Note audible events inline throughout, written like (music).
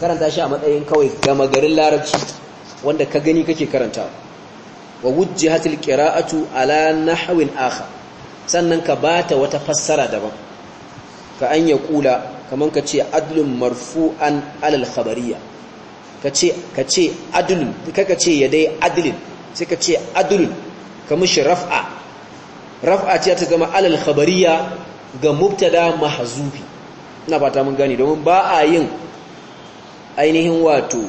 ka karanta shi a matsayin kawai gama garin larabci wanda ka gani kake karanta wa wujjihatil qira'atu ala nahwin aha sannan ka bata wata fassara daban ka an kula kaman ka ce adlun marfu'an alal khabariyya ka ce ka ce adlun kaka ce yadai adlin sai ka ce adlun kamishi raf'a raf'a ce ta zama alal khabariya ga mubtada mahzufi ina fata mun gani domin ba a yin ainihin wato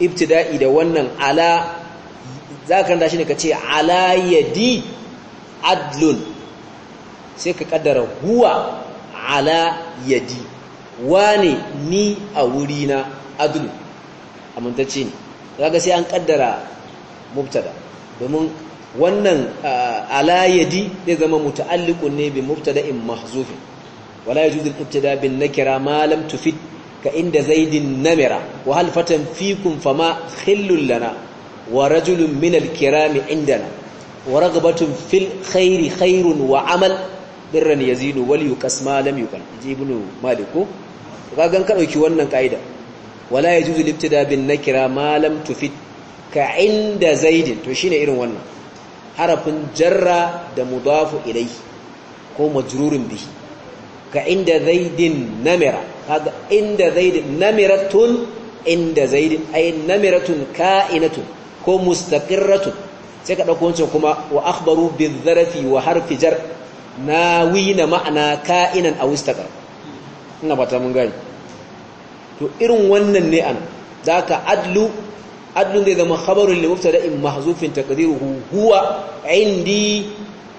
ibtida'i da wannan ala za ka ranta shi ne ka ce ala yadi adlun sai ka kaddara huwa ala yadi wane ni a wurina adlu amintacce ne za ka sai an kaddara mubtada domin wannan ah, ala yadi zai zama muta'alliqun ne bi mubtada'in mahzufin wala yi al-ibtida bin nakira kira malam ka inda zaidin namira wa hal fatan fikum fama khillul lana wa rajulun minal kirami indana wa ragbatun fil khairi khairun wa amal birran yazidu wal yuqasma lam yuqal ibnu maliku kagan ka dauki wannan kaida wala yajuzu libtida bin nakira ma lam tufit. ka inda zaidin to shine irin wannan harafin jarra da mudafu ilayhi ko majrurun bihi ka inda zaidin namira kaga inda zaidin namiratun inda zaidin ay namiratun ka'inatun ko mustaqirratun sai ka dauko wancan kuma wa akhbaru bizarafi wa harfi jar nawina ma'ana ka'inan aw istaqar ina bata mun gani to irin wannan ne an zaka adlu adlu zai zama khabarun li mubtada'in mahzufin taqdiruhu huwa indi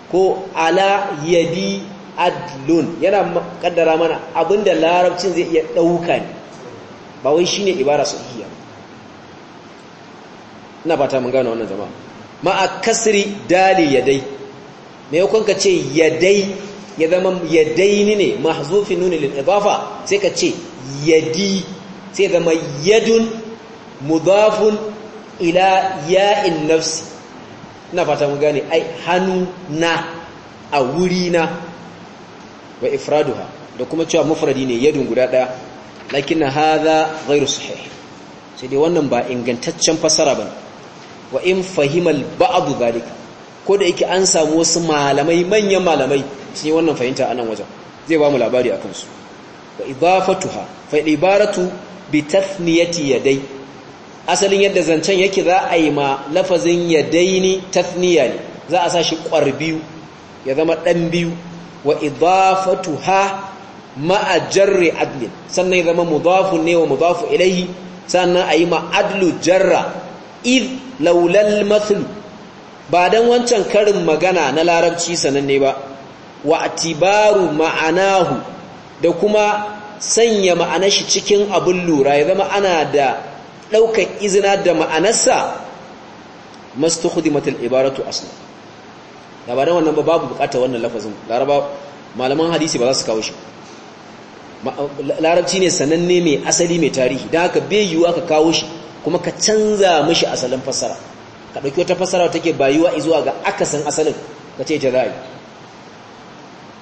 ko ala yadi adlun yana kaddara mana abinda larabcin zai iya ɗauka ne ba wai shine ibara iya. ina fata mun gane wannan jama'a ma'a kasri dali yadai me yakon ka ce yadai ya zama yadaini ne mahzufin nuni lil idafa sai ka ce yadi sai zama yadun mudafun ila ya'in nafsi ina fata mun gane ai hannu na a wuri na wa ifraduha da kuma cewa mufradi ne yadun guda daya lakin hadha ghairu sahih sai dai wannan ba ingantaccen fasara bane wa in fahimar ba'd zalika ko da yake an samu wasu malamai manyan malamai sun yi wannan fahimta anan wajen zai ba mu labari akan su wa idafatuha fa ibaratu bi tathniyati yaday asalin yadda zancen yake za a yi ma lafazin yadaini tathniya ne za a sa shi ƙwar biyu ya zama ɗan biyu wa idafatuha ma'a jarri adlin sannan ya zama mudafu ne wa mudafu ilaihi sannan ayi ma adlu jarra id laulal mathlu ba dan wancan karin magana na larabci sananne ba wa atibaru ma'anahu da kuma sanya ma'anashi shi cikin abin lura ya zama ana da ɗaukar izina da ma'anarsa mastukhdimatul ibaratu aslan labaran wannan ba babu bukatar wannan lafazin laraba malaman hadisi ba za su kawo shi larabci ne sananne mai asali mai tarihi don haka bai yiwu ka kawo shi kuma ka canza mashi asalin fassara ka ɗauki wata fassara take bayuwa zuwa ga akasin asalin ka ce ta ra'ayi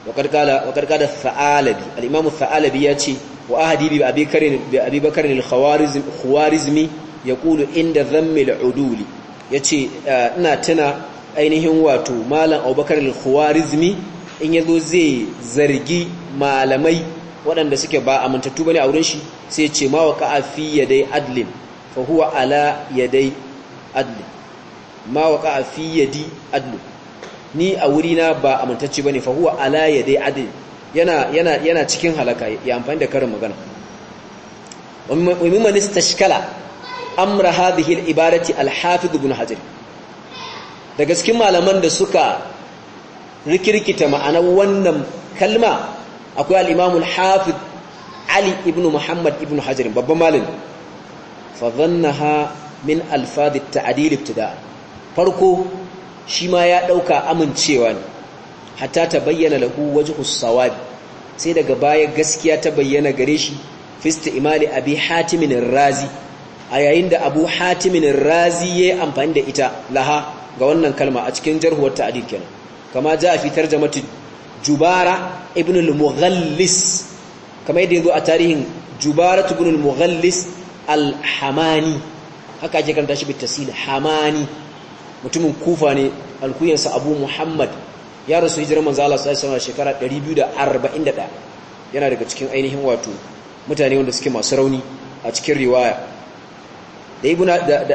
wakar kada fa'alabi al'imamu fa'alabi ya ce wa ahadi bi abubakar al-khawarizmi ya kulu inda zammil uduli ya ce ina tuna ainihin wato malam abubakar al-khwarizmi in yazo zai zargi malamai waɗanda suke ba amintattu bane a wurin shi sai ce ma wa ka'afi fi yadai adlin fa huwa ala yadai adlin ma wa ka'afi fi yadi adlin ni a wuri na ba amintacce bane fa huwa ala yadai adlin yana yana yana cikin halaka ya amfani da karin magana wa mimman istashkala amra hadhihi al-ibadati al-hafiz ibn hajar daga cikin malaman da suka rikirkita ma'anar wannan kalma akwai al’imamun hafi Ali ibn Muhammad ibn Hajar babban malin fa ha min alfaz ta’adilif tuda farko shi ma ya ɗauka amincewa ne ta bayyana lahu waje as sai daga baya gaskiya ta bayyana gare shi fista imali abi hatimin razi a yayin da abu hatimin razi ya yi amfani da ita laha ga wannan kalma a cikin jarhuwar ta'dil kenan kama ja fi tarjamati jubara ibn al-mughallis kama yadda yazo a tarihin jubara ibn al-mughallis al-hamani haka ake karanta shi bitasil hamani mutumin kufa ne alkuyansa abu muhammad ya rasu hijirar manzo Allah sallallahu alaihi shekara 241 yana daga cikin ainihin wato mutane wanda suke masu rauni a cikin riwaya da ibn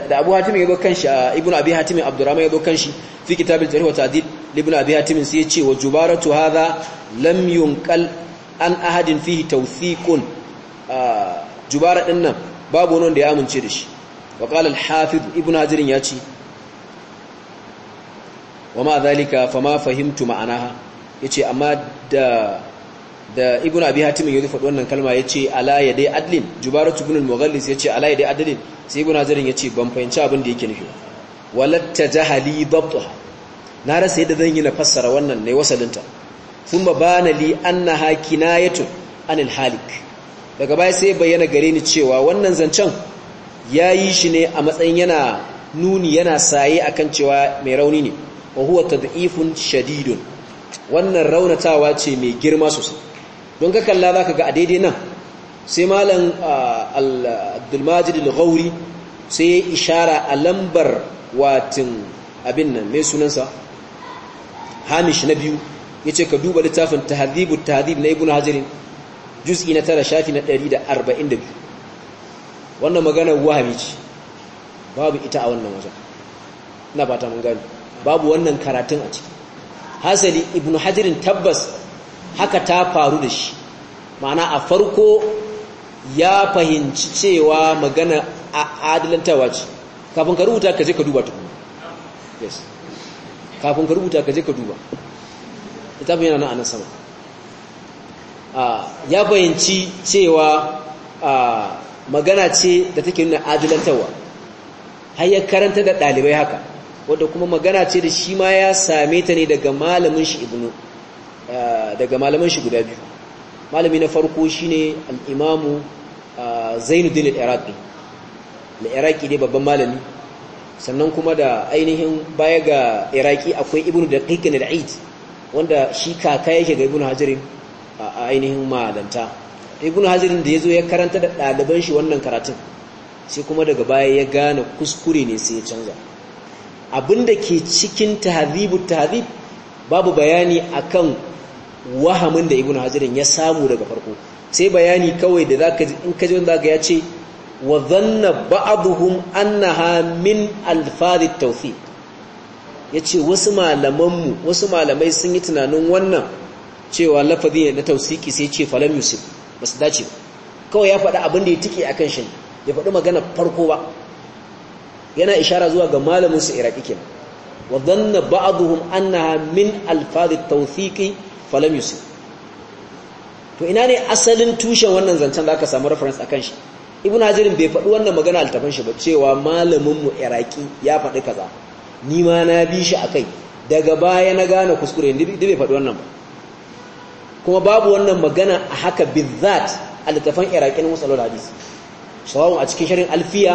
da abu hatim ya zo kanshi abi abdurrahman ya zo kanshi fi kitab al wa ta'dil ibn abi hatim sai ya ce wa jubaratu hadha lam yunqal an ahadin fihi tawthiqun jubara din nan babu wani da ya amince da shi wa qala al-hafiz ibn hajirin ya ce wa ma dhalika fama fahimtu ma'anaha yace amma da da ibn abi hatim ya faɗi wannan kalma yace ce ala ya dai adlin jubaratu ibn al-mughallis ya ala ya dai adlin sai ibn azrin ya ban fahimci abin da yake nufi walatta jahali dabtaha na rasa yadda zan yi na fassara wannan ne wasalinta thumma bana li annaha kinayatun anil halik daga baya sai bayyana gare ni cewa wannan zancen yayi shi ne a matsayin yana nuni yana saye akan cewa mai rauni ne wa huwa tad'ifun shadidun wannan raunatawa ce mai girma sosai don ka kalla za ka ga a daidai nan sai malam abdulmajidul al-ghauri sai ya ishara a lambar watin abin nan mai sunansa hamish na biyu ya ce ka duba littafin tahadibu tahadib na ibn hajjirin juz'i na tara shafi na 142 wannan magana wahami ce babu ita a wannan wajen na fata mun gani babu wannan karatun a ciki hasali ibn hajjirin tabbas haka ta faru da shi ma'ana a farko ya fahimci cewa magana a adalantawa ce kafin ka rubuta ka je ka duba tukuna yes kafin ka rubuta ka je ka duba ita bayyana nan a nan sama ya fahimci cewa magana ce da take nuna adalantawa har ya karanta da ɗalibai haka wadda kuma magana ce da shi ma ya same ta ne daga malamin shi ibnu daga malaman shi guda biyu malami na farko shine al-imamu Zainuddin al-Iraqi al-Iraqi ne babban malami sannan kuma da ainihin baya ga Iraqi akwai Ibn Daqiq da aid wanda shi kaka yake ga Ibn Hajar a ainihin malanta Ibn Hajar da yazo ya karanta da ɗaliban shi wannan karatun sai kuma daga baya ya gane kuskure ne sai ya canza abinda ke cikin tahzibu tahzib babu bayani akan wahamin da ibnu hajarin ya samu daga farko sai bayani kawai da zaka in ka ji wanda zaka ya ce wa dhanna ba'dhum annaha min alfaz tawfiq yace wasu malaman mu wasu malamai sun yi tunanin wannan cewa lafazi na tawsiki sai ce falam yusuf basu dace kawai ya faɗa abin da ya tike akan shi ya faɗi magana farko ba yana ishara zuwa ga malamin su iraki kenan wa dhanna ba'dhum annaha min tawfiqi falam yusuf to ina ne asalin tushen wannan zancen da aka samu reference akan shi ibn hajirin bai faɗi wannan magana altaban shi ba cewa malamin mu iraki ya faɗi kaza ni ma na bi shi akai daga baya na gane kuskure ni bai faɗi wannan ba kuma babu wannan magana a haka bizzat altafan iraki na musalul hadisi sawa a cikin shirin alfiya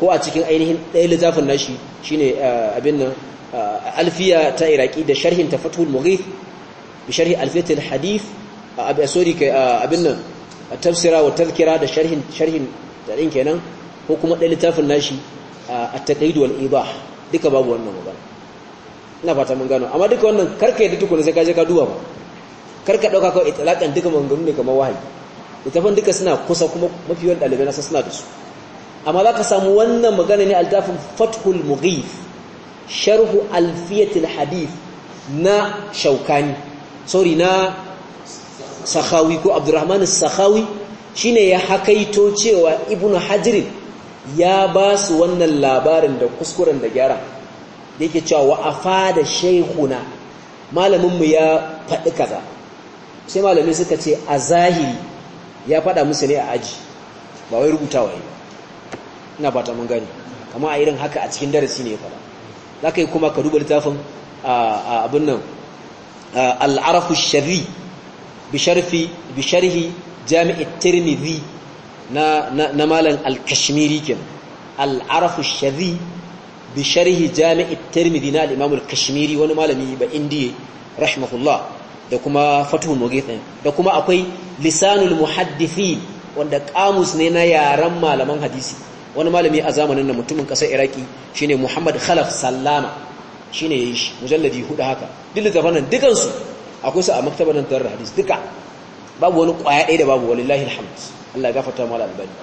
ko a cikin ainihin ɗaya littafin nashi shine eh, abin nan eh, alfiya ta iraki da sharhin ta fathul mughith بشرح الفيت الحديث أبي أسوري أبنا التفسير والتذكرة ده شرح شرح تعلين كنا هو كم الالتاف الناشي التقييد والإيضاح duka باب وانا magana ina fata mun gano amma duka wannan karka yadda tukuna sai ka je ka duba ba karka dauka kawai itlaqan duka manganu ne kamar wahayi littafin duka suna kusa kuma mafi yawan dalibai nasa suna da su amma za ka samu wannan magana ne altafin fathul mughith sharhu alfiyatil hadith na shaukani sorry na sakhawi ko abdurrahman sahawi shine ya hakaito cewa ibnu hajirin ya ba su wannan labarin da kuskuren da gyara da yake cewa wa afada shaykhuna mu ya faɗi kaza sai malami suka ce a zahiri ya faɗa musu ne a aji ba wai rubutawa yi ina ba ta mun gani kamar a irin haka a cikin darasi ne ya faɗa za ka yi kuma ka duba littafin abin nan al'arafu shari bisharhi jami'ar tirmidhi na malam al-kashmiri ken al'arafu shari bisharhi jami'ar tirmidhi na al'imamul kashmiri wani malami ba indiya rahimahullah da kuma fatuhun mogithin da kuma akwai lisanul muhaddithi wanda kamus ne na yaren malaman hadisi wani malami a zamanin na mutumin ƙasar iraki shine muhammad khalaf sallama ya yi shi mujalladi hudu haka duk littafan nan dukan su akwai su a maktabar nan tarar hadis duka babu wani kwaya ɗaya da babu wallahi alhamd Allah ya gafarta mu albani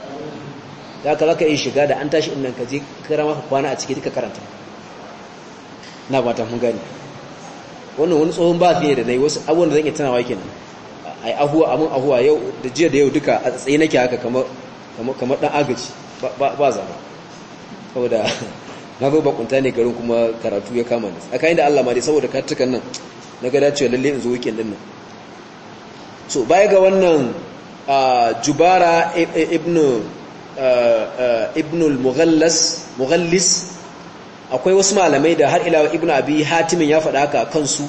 da ka yi shiga da an tashi in nan ka je kira maka kwana a ciki duka karanta na ba ta mun gani wannan wani tsohon ba fiye da yi wasu abubuwan da zan iya tunawa kenan yi ahuwa amin ahuwa yau da jiya da yau duka a tsaye nake haka kamar dan agaji ba ba zama saboda na zo bakunta ne garin kuma karatu ya kama aka tsakanin da Allah ma dai saboda kartukan nan na gada cewa lalle in zo wikin din nan so baya ga wannan jubara ibn al-mughallis akwai wasu malamai da har ila ibn abi hatimin ya faɗa haka kansu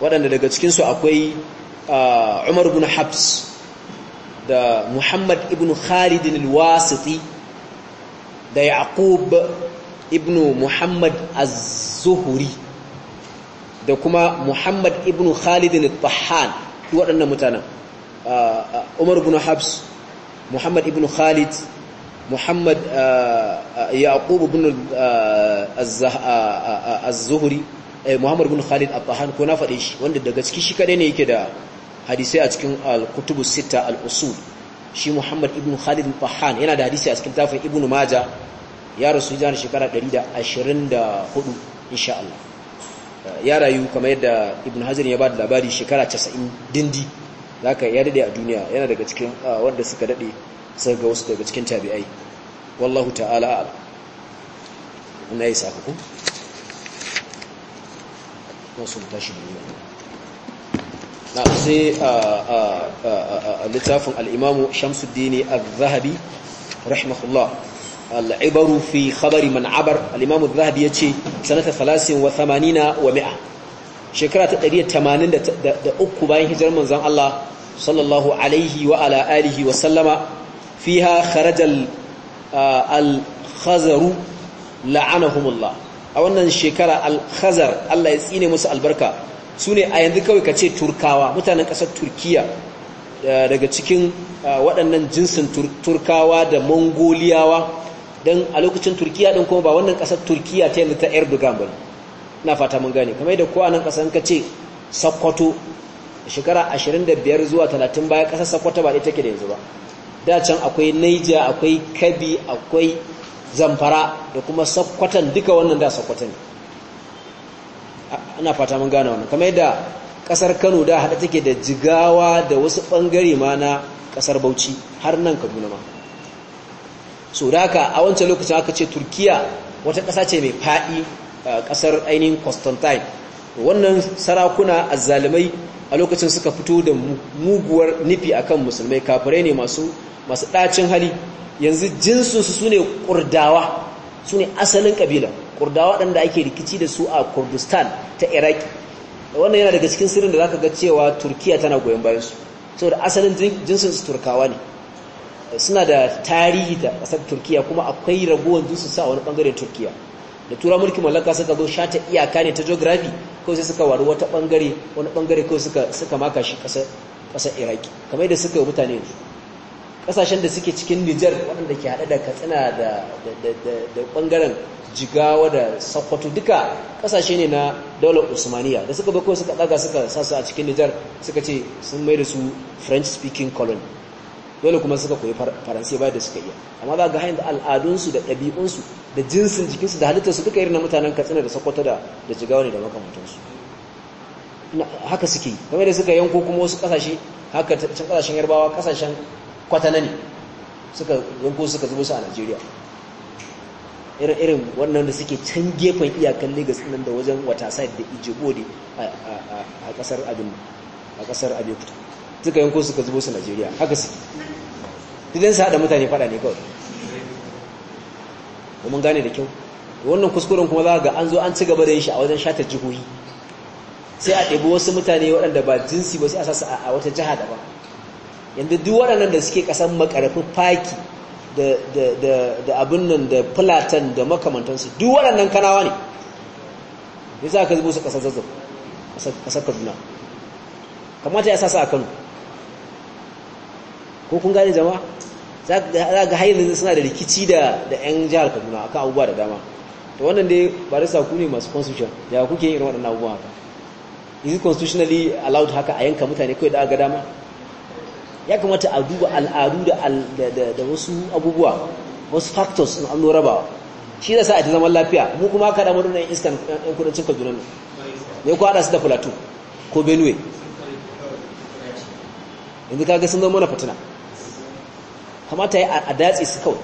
waɗanda daga cikinsu akwai umar ibn habs da muhammad ibn khalidin al-wasiti da yaqub ibnu muhammad az-zuhuri da kuma muhammad ibnu khalid al-bahan waɗannan mutanen ah, ah, umar ibn habs muhammad ibnu khalid muhammad ah, yaqub ibn az-zuhri eh, muhammad ibn khalid al-bahan ko na faɗe shi wanda daga ciki shi kadai ne yake da hadisai a cikin al-kutubu sita al-usul shi muhammad Ibnu khalid al-bahan yana da hadisi a cikin tafin ibnu maja ya rasu jihar shekara 124 insha Allah eh, ya rayu kamar yadda ibn hazin ya ba da labari shekara 90 dindi zaka ya dade a duniya yana daga cikin ah, wanda suka dade sai ga wasu daga cikin tabi'ai wallahu ta'ala ala ina yi saka ku wasu tashi duniya na sai a ah, ah, littafin al'imamu shamsuddini al-zahabi rahimahullah al'ibaru fi khabari man abar al'imamu zahabi ya ce sanata salasin wa thamanina wa mi'a shekara ta ɗariya tamanin da uku bayan hijirar manzan Allah sallallahu alaihi wa ala alihi wa sallama fi ha kharajar al-khazaru la'anahumullah a wannan shekara al-khazar Allah ya tsine musu albarka su ne a yanzu kawai ka ce turkawa mutanen ƙasar turkiya daga cikin waɗannan jinsin turkawa da mongoliyawa don a lokacin turkiya din kuma ba wannan kasar turkiya ta yanzu ta erdogan ba na fata mun gane kamar yadda kowa nan kasar ka ce sakkwato shekara 25 zuwa 30 baya kasar sakkwato ba ɗaya take da yanzu ba da can akwai naija akwai kabi akwai zamfara da kuma sakkwatan duka wannan da sakkwata ne ana fata mun gane wannan kamar yadda kasar kano da haɗa take da jigawa da wasu ɓangare ma na kasar bauchi har nan kaduna ma so da haka a wancan lokacin aka ce turkiya wata ƙasa ce mai faɗi ƙasar ainihin constantine wannan sarakuna azzalumai a lokacin suka fito da muguwar nufi akan musulmai kafirai ne masu masu ɗacin hali yanzu jinsinsu su ne ƙurdawa su ne asalin ƙabila ƙurdawa ɗanda ake rikici da su a kurdistan ta iraki wannan yana daga cikin sirrin da za ka ga cewa turkiya tana goyon bayansu saboda asalin jinsinsu turkawa ne suna da tarihi da ƙasar turkiya kuma akwai ragowar dusu sa wani ɓangare turkiya da tura mulkin mallaka suka zo shata iyaka ne ta geography kawai sai suka waru wata ɓangare wani ɓangare kawai suka, maka shi ƙasar iraki kamar da suka yi mutane yanzu ƙasashen da suke cikin nijar waɗanda ke haɗe da katsina da, da, ɓangaren jigawa da sokoto duka ƙasashe ne na daular usmaniya da suka bai kawai suka ɗaga suka sasu a cikin nijar suka ce sun mai da su french speaking colony dole kuma suka koyi faransai bayan da suka iya amma za ga hanyar da al'adunsu da ɗabi'unsu da jinsin jikinsu da halittarsu duka irin na mutanen katsina da sakwata da da jigawa ne da makamantansu haka suke yi kamar da suka yanko kuma wasu ƙasashe haka can ƙasashen yarbawa ƙasashen kwatana ne suka yanko suka zubo su a najeriya irin irin wannan da suke can gefen iyakan lagos nan da wajen wata side da ijebu a ƙasar abin a ƙasar suka yanko suka zubo su Najeriya haka su idan su haɗa mutane faɗa ne kawai domin gane da kyau wannan kuskuren kuma za ga an zo an ci gaba da yin shi a wajen shatar jihohi sai a ɗebi wasu mutane waɗanda ba jinsi ba sai a sasa a wata jiha ba yadda duk waɗannan da suke ƙasan makarafi faki da abin nan da fulatan da makamantansu duk waɗannan kanawa ne ya za ka zubo su ƙasar zazzau ƙasar kaduna kamata ya sasa a kano ko kun gane zama za ga har yanzu suna da rikici da da yan jihar Kaduna akan abubuwa da dama to wannan dai ba ku ne masu constitution ya kuke yin irin waɗannan abubuwa haka is it constitutionally allowed haka a yanka mutane kawai da aka dama ya kamata a duba al'adu da wasu abubuwa wasu factors in an rabawa shi da sa a ta zaman lafiya mu kuma haka da madunan iskan yan kudancin kaduna ne ne ku haɗa su da plateau ko benue yanzu kaga sun zama mana fitina kamata ya a datse su kawai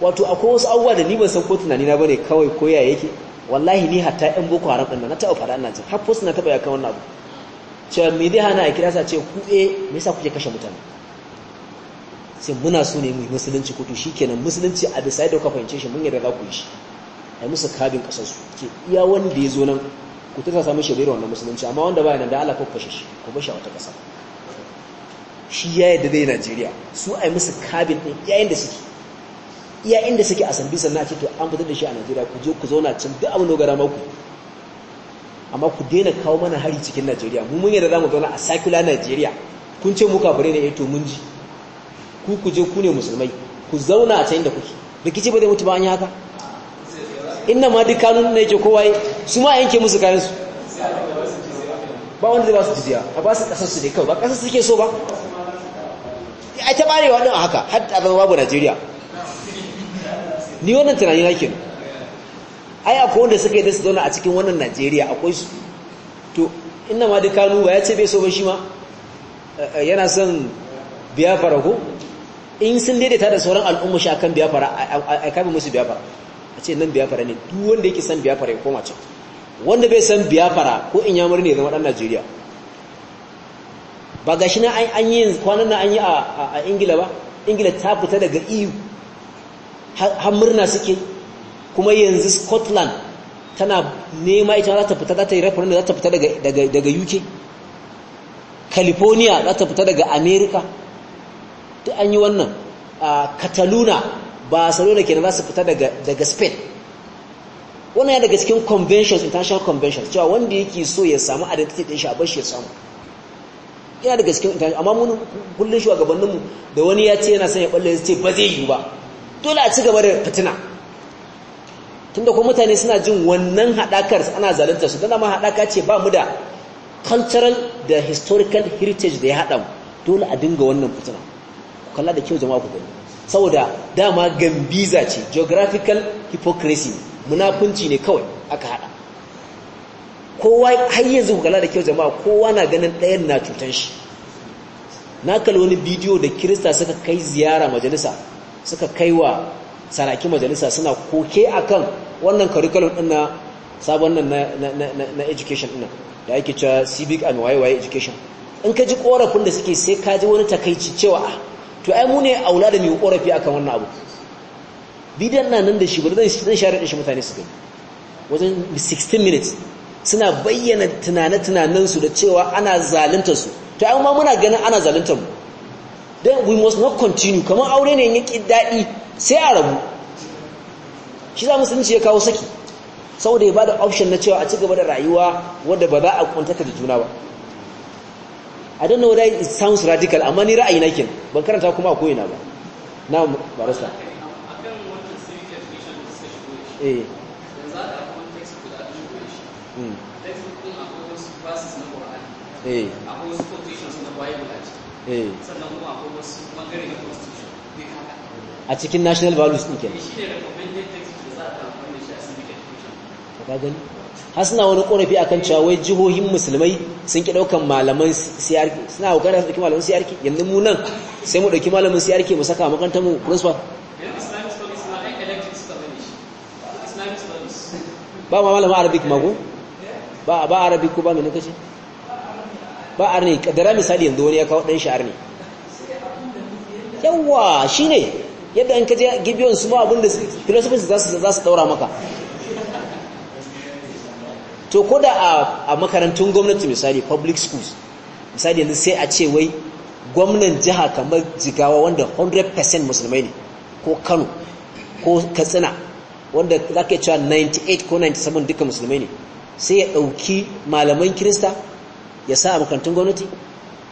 wato akwai wasu abubuwa da ni ban san ko tunani na bane kawai ko ya yake wallahi ni hatta yan boko haram din na taɓa faɗa ina jin har suna na taɓa ya kawo abu cewa me zai hana a kira sa ce ku eh me yasa kuke kashe mutane sai muna so ne mu musulunci ko to shikenan musulunci a bisa da kuka fahimce shi mun yarda za ku yi shi ai musu kabin kasar su ke iya wanda ya zo nan ku ta samu shi bai wannan musulunci amma wanda baya nan da Allah ko kashe shi ko bashi a wata kasa shi ya da zai Najeriya su yi musu kabin din yayin da suke iya inda suke a sambisa na ce to an fitar da shi a Najeriya ku je ku zauna can duk abin dogara maku amma ku daina kawo mana hari cikin Najeriya mu mun za mu zauna a sakula Najeriya kun ce muka kafire ne ya eh to mun ji ku ku je ku ne musulmai ku zauna a can da kuke rikici ba zai mutu ba an yi haka inna ma duk kanun ne yake kowa su ma yanke musu kayan su ba wanda zai ba su jiziya a ba su kasar su ne kawai ba kasar su ke so ba ai ta barewa din haka har ta zama babu Najeriya ni wannan tunani nake ai akwai wanda suka yi da su zauna a cikin wannan Najeriya akwai su to ina ma duka nuba ya ce bai so ba shi ma eh, yana son biyafara ko in sun daidaita da sauran al'umma shi akan biyafara a kai musu biyafara a ce nan biyafara ne duk wanda yake son biyafara ya koma can wanda bai san biyafara ko in yamur ne zama dan Najeriya ba ga shi na an yi kwanan na an yi a ingila ba ingila ta fita daga iyu e har murna suke kuma yanzu scotland tana nema ita za ta fita za ta yi referendum za ta fita daga uk california za ta fita daga america ta an yi wannan cataluna barcelona kenan za su fita daga spain wannan ya daga cikin conventions international conventions cewa wanda yake so ya samu identity din shi a bashi ya samu yana da gaskin intanet amma mun kullun shugabanninmu da wani ya ce yana son ya balle ya ce ba zai yi ba dole a ci gaba da fitina tunda kuma mutane suna jin wannan haɗakar ana zalunta su dana ma haɗaka ce ba mu da cultural da historical heritage da ya haɗa mu dole a dinga wannan fitina ku kalla da kyau jama'a ku gani saboda dama gambiza ce geographical hypocrisy munafunci ne kawai aka haɗa kowa har yanzu kala da kyau jama'a kowa na ganin ɗayan na cutan shi na kalli wani bidiyo da kirista suka kai ziyara majalisa suka kai wa saraki majalisa suna koke akan wannan curriculum ɗin na sabon nan na education ɗin da ake cewa civic and waye education in ka ji korafin da suke sai ka ji wani takaici cewa ah, to ai mu ne aula da mai korafi akan wannan abu bidiyon na nan da shi gudu zan share da shi mutane su gani wajen 16 minutes suna bayyana tunane-tunanensu da cewa ana zalunta su to muna ganin ana zalunta mu then we must not continue kamar aure ne yake daɗi sai a rabu shi za musulunci ya kawo saki saboda ya ba bada option na cewa a ci gaba da rayuwa wadda ba za a kuntaka da juna ba i don't know whether it sounds radical amma ni ra'ayi nake ban karanta kuma a koyina ba na barasa eh Eh. akwai wasu eh. a cikin national values ɗin kenan shi ne recommended text da za a amfani shi a civic har suna wani korafi akan cewa wai jihohin musulmai sun ki ɗaukan malaman siyarki suna kokarin su ɗauki malaman siyarki yanzu mu nan sai mu ɗauki malaman siyarki mu saka makarantar mu principal ba ma arabic mago eh. ba ba arabic ko ba me ne ce. ba ne kadara misali yanzu wani ya kawo dan ne yawwa yawa ne yadda in ka je gibiyon su ma abinda philosophers za su za maka to ko da a makarantun gwamnati misali public schools misali yanzu sai a ce wai gwamnan jiha kamar jigawa wanda 100% musulmai ne ko kano ko katsina wanda za ka yi cewa 98 ko 97 duka musulmai ne sai ya ɗauki malaman kirista ya sa a makarantun gwamnati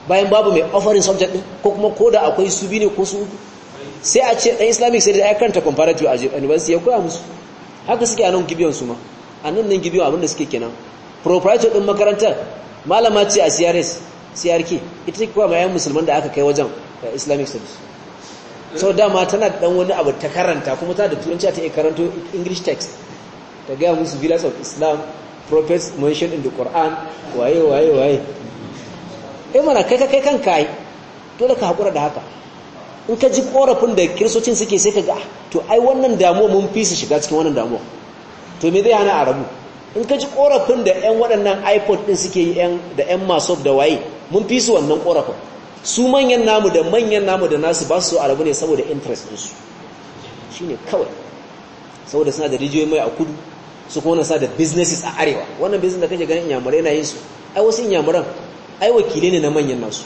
bayan babu mai offering subject din ko kuma ko da akwai su bi ne ko su uku sai a ce dan islamic sai da ya karanta comparative a university ya koya musu haka suke a nan gibiyon su ma a nan nan gibiyon abinda suke kenan proprietor din makarantar malama ce a CRS CRK ita ce kuma mayan musulman da aka kai wajen eh, islamic studies so dama tana da dan wani abu ta karanta kuma ta da turanci ta iya karanto english text ta ga musu villas of islam prophets mentioned in the Quran waye waye waye eh mana kai kai kan kai dole ka hakura da haka in ka ji korafin da kiristocin suke sai ka ga ah, to ai wannan damuwa mun fi su shiga cikin wannan damuwa to me zai hana arabu in ka ji korafin da ƴan waɗannan iPod din suke yi da ƴan masof da waye mun fi su wannan korafin su manyan namu da manyan namu da nasu ba su arabu ne saboda interest din su shine kawai saboda suna da rijiyoyi mai a kudu su kuma sa da businesses a arewa wannan business da kake ganin inyamurai na yin su ai wasu inyamuran ai wakile ne na manyan nasu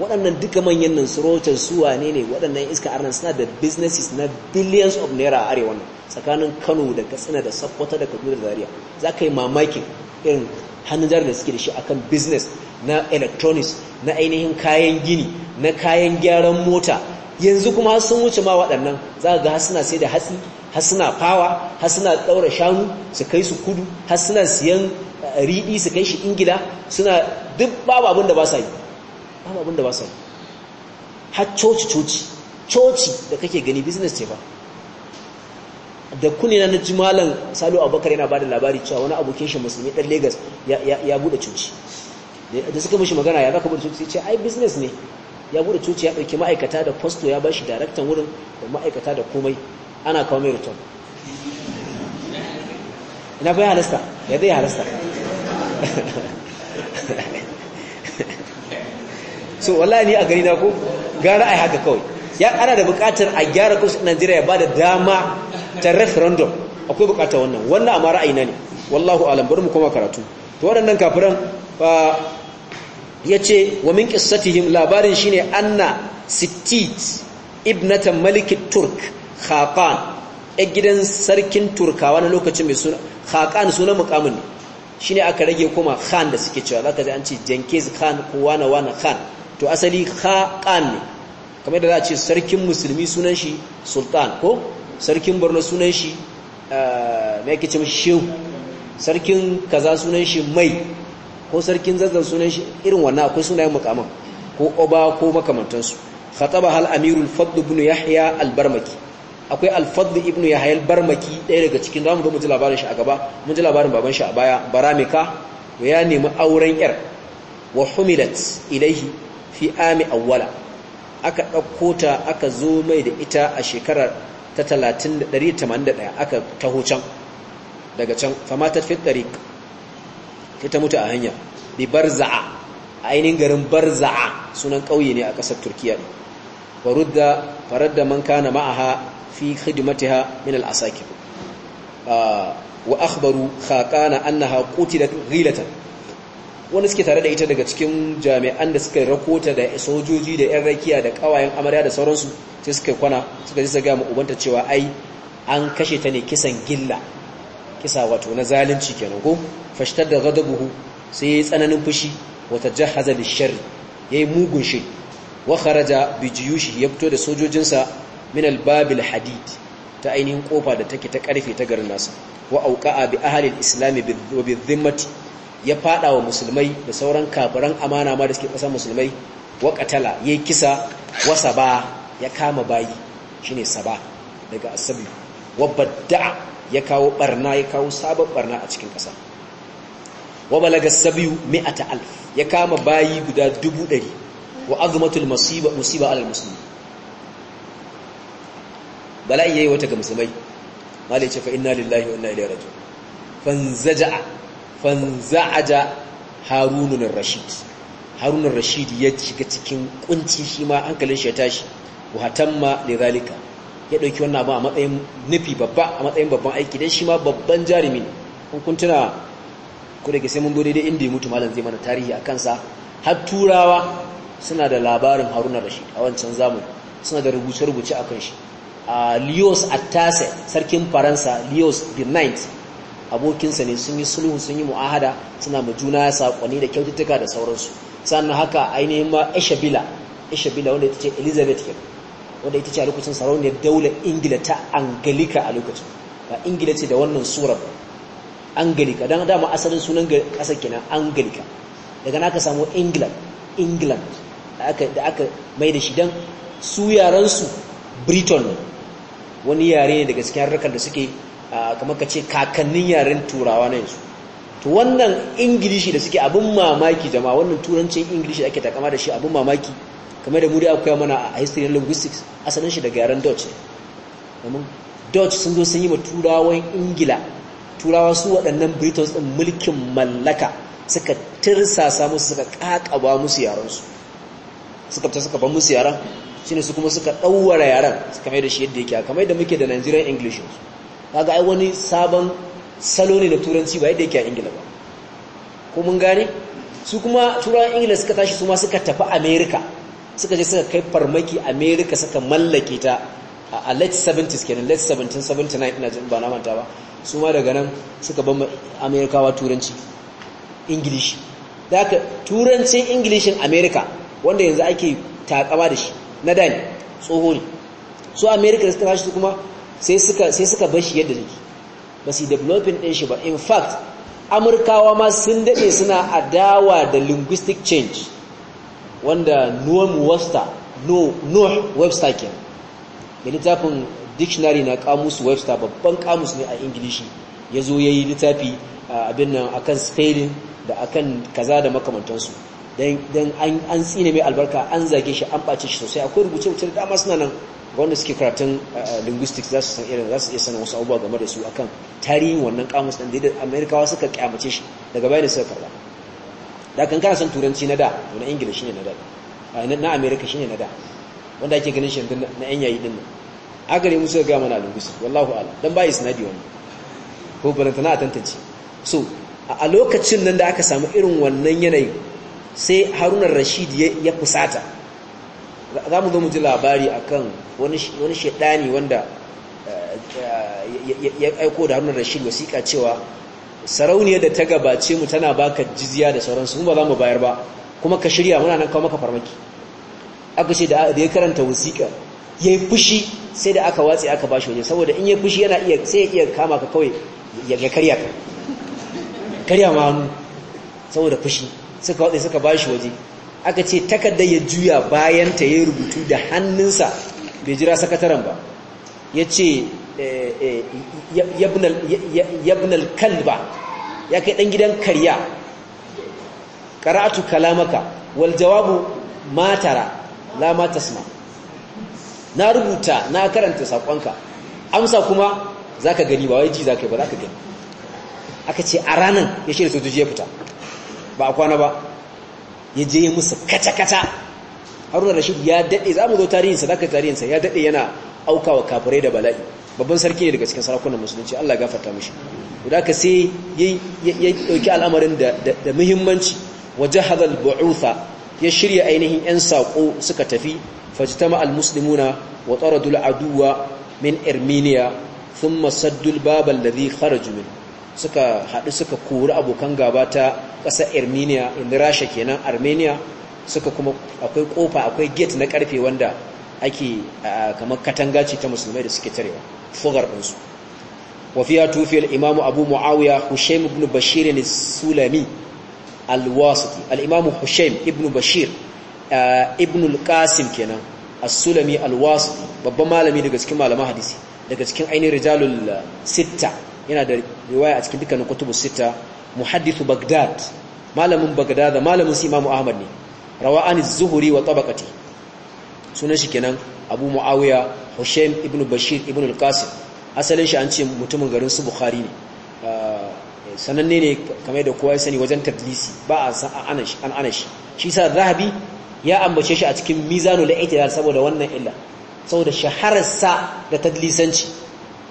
waɗannan duka manyan nan su rotar su wane ne waɗannan iska arnan suna da businesses na billions of naira a arewa nan tsakanin kano da katsina da sakkwata da kaduna da zaria za ka yi mamakin irin hannun jari da suke da shi akan business na electronics na ainihin kayan gini na kayan gyaran mota yanzu kuma sun wuce ma waɗannan za ga suna sai da hatsi har suna fawa har suna daura shanu su kai su kudu har suna siyan eh, riɗi su kai shi ingila suna duk babu abin da ba sa yi babu abin da ba sa yi har coci coci coci da kake gani business ce ba da kunina na ji malam salu abubakar yana ba da labari cewa wani abokin shi musulmi dan lagos ya bude coci da suka mishi magana ya zaka bude coci sai ce ai business ne ya bude coci ya dauki ma'aikata da posto ya bashi daraktan wurin da ma'aikata da komai ana kawo mai return ina ya halasta ya zai halasta (laughs) so wallahi ni a gani na ko gara ai haka kawai ya ana da bukatar a gyara kusa Najeriya ya bada dama ta referendum akwai bukatar wannan wannan amma na ne wallahu alam bari mu koma karatu to waɗannan kafiran yace wa min qissatihim labarin shine anna sittit ibnatan Malikin turk khaqan a gidan sarkin turkawa na lokacin mai suna khaqan sunan mukamin ne shine aka rage kuma khan da suke cewa zaka ji an ce jenkiz khan ko wana wana khan to asali khaqan ne kamar da za a ce sarkin musulmi sunan shi sultan ko sarkin borno sunan shi eh, mai yake ce shehu sarkin kaza sunan shi mai ko sarkin zazzau sunan shi irin wannan akwai sunayen mukamin ko oba ko makamantansu khataba hal amirul fadl ibn yahya al-barmaki akwai alfadlu ibnu yahayal barmaki ɗaya daga cikin zamu zo mu ji labarin shi a gaba mun ji labarin baban shi a baya baramika ya nemi auren yar wa humilat ilaihi fi ami awwala aka ɗauko ta aka zo mai da ita a shekarar ta 181 aka taho can daga can famatat fi tariq ita mutu a hanya bi barza'a ainihin garin barza'a sunan ƙauye ne a ƙasar turkiya ne warudda faradda man kana ma'aha fi khidmatiha min al-asakib ah, wa akhbaru khaqana annaha qutilat ghilatan wani suke tare da ita daga cikin jami'an da suka rakota da sojoji da yan rakiya da kawayen amarya da sauransu sai suka kwana suka ji zaga mu ubanta cewa ai an kashe ta ne kisan gilla kisa wato na zalunci kenan ko fashtar da ghadabuhu sai yayi tsananin fushi wa tajahaza lish-sharr yayi mugun shi wa kharaja bi ya fito da sojojinsa min albabil hadid ta ainihin kofa da take ta karfe ta garin nasa wa auqa'a bi ahli alislam wa bi dhimmati ya fada wa musulmai da sauran kafiran amana ma da suke kasar musulmai wa qatala yayi kisa wa saba ya kama bayi shine saba daga asabi wa badda ya kawo barna ya kawo sabon barna a cikin kasa wa balaga sabiyu mi'ata alf ya kama bayi guda dubu wa azmatul musiba musiba alal muslimin bala'i yayi wata ga musulmai malai ce fa inna lillahi wa inna ilaihi raji'un fanzaja fanzaja harunun rashid harunun rashid ya shiga cikin kunci shi ma hankalin shi ya tashi wa hatamma li zalika ya dauki wannan abu a matsayin nufi babba a matsayin babban aiki dan shi ma babban jarumin. ne kun kuntuna ku ko da sai mun gode dai inda ya mutu malam zai mana tarihi a kansa har turawa suna da labarin harunun rashid a wancan zamani suna da rubuce-rubuce a kan shi Leos Attase sarkin Faransa Leos the ninth abokinsa ne sun yi sulhu sun yi mu'ahada suna ma juna saƙoni da kyaututtuka da sauransu sannan haka ainihin ma Eshabila Eshabila wanda ita ce Elizabeth ke wanda ita ce a lokacin sarauniyar daular Ingila ta Angalika a lokacin ba Ingila ce da wannan surar Angalika dan dama asalin sunan ƙasar kenan Angalika daga naka samu England England da aka da aka mai da shi dan su yaransu briton wani yare ne daga cikin harkar da suke kamar ka ce kakannin yaren turawa na yanzu to wannan ingilishi da suke abin mamaki jama'a wannan turancin ingilishi da ake takama da shi abin mamaki kamar da muri akwai mana a history and linguistics asalin shi daga yaren dutch domin dutch sun zo sun yi ma turawan ingila turawa su waɗannan britons ɗin mulkin mallaka suka tirsasa musu suka kakaba musu yaransu suka fita suka ban musu yaran ne su kuma suka ɗauwara yaren su mai da shi yadda yake kamar yadda muke da Nigerian English kaga ai wani sabon salo ne na turanci ba yadda yake a Ingila ba ko mun gane su kuma turan Ingila suka tashi su ma suka tafi America suka je suka kai farmaki America suka mallake ta a late 70s kenan late 1779 ina jin ba na manta ba su ma daga nan suka bamba Amerikawa turanci English da haka turancin in America wanda yanzu ake takama da shi na da tsoho ne su america da suka tashi kuma sai suka sai bar shi yadda take ba su developing din shi ba in fact amurkawa ma sun dade suna adawa da linguistic change wanda Noam Webster no Noah Webster ke da littafin dictionary na kamus Webster babban kamus ne a ingilishi ya zo ya yi littafi abin nan akan spelling da kan kaza da makamantansu dan an tsine mai albarka an zage shi an ɓace shi sosai akwai rubuce rubuce da dama suna nan wanda suke karatun eh, linguistics za su san irin za su iya sanin wasu abubuwa game da su akan tarihin wannan kamus ɗin da amerikawa suka kyamace shi daga bayan da suka karba da kan kana san turanci na da wani ingila shi ne na da na amerika shi ne na da wanda ake ganin shi na yan yayi din nan aka ne musu ga mana linguistics wallahu a'lam dan ba isnadi wani. ko balantana a tantance so a lokacin nan da aka samu irin wannan yanayin sai haruna rashid ya fusata za mu zo mu ji labari a kan wani shaidani wanda eh, eh, ya aiko da haruna rashid wasiƙa cewa sarauniyar da ta gabace mu tana baka jizya da sauransu mu ba za mu bayar ba kuma ka shirya muna nan kawo maka farmaki aka ce da ya karanta wasiƙa ya yi fushi sai da aka watse aka ba shi waje saboda in ya fushi yana iya sai ya iya kama ka kawai ya karya ka karya ma hannu saboda fushi suka waɗe suka shi waje aka ce takardar ya juya bayan ta ya rubutu da hannunsa bai jira sakataren ba ya ce eh, eh, yabnal kalba ya kai ɗan gidan karya ƙara'atu kalamaka wal jawabu matara la matasma na rubuta na karanta saƙonka amsa kuma za ka gani ba wai ji za ka yi ba za ka gani aka ce a ranar ya shirya sojoji ya fita ba a kwana ba ya je musu kata-kata haruna rashid ya daɗe za mu zo tarihinsa za ka tarihinsa ya daɗe yana auka wa kafirai da bala'i babban sarki ne daga cikin sarakunan musulunci allah gafarta mishi da ka sai ya ɗauki al'amarin da muhimmanci waje hadal ba'utha ya shirya ainihin 'yan saƙo suka tafi fajitama al-muslimuna wa tsaradul aduwa min armenia sun masaddul babal da zai kharaju min suka haɗu suka kori abokan gaba ta ƙasar armenia inda rasha kenan armenia suka kuma akwai kofa akwai gate na karfe wanda ake kamar katanga ce ta musulmai da suke tarewa fugar ɗinsu wafiya tufi imam abu mu'awiya hushem ibn bashir ne sulami alwasiti al'imamu hushem ibn bashir ibn al-qasim kenan as-sulami alwasiti babban malami daga cikin malaman hadisi daga cikin ainihin rijalul sitta yana da riwaya a cikin dukkanin kutubus sita muhaddithu bagdad malamin bagdad malamin su imamu ahmad ne rawani zuhuri wa tabaqati sunan shi kenan abu muawiya hushaim ibn bashir ibn al asalin shi an ce mutumin garin su bukhari ne ah, sananne ne kamar da kowa ya sani wajen tadlisi ba a an anashi shi sa zahabi ya ambace shi a cikin mizanul i'tidal saboda wannan illa saboda shaharar sa da tadlisanci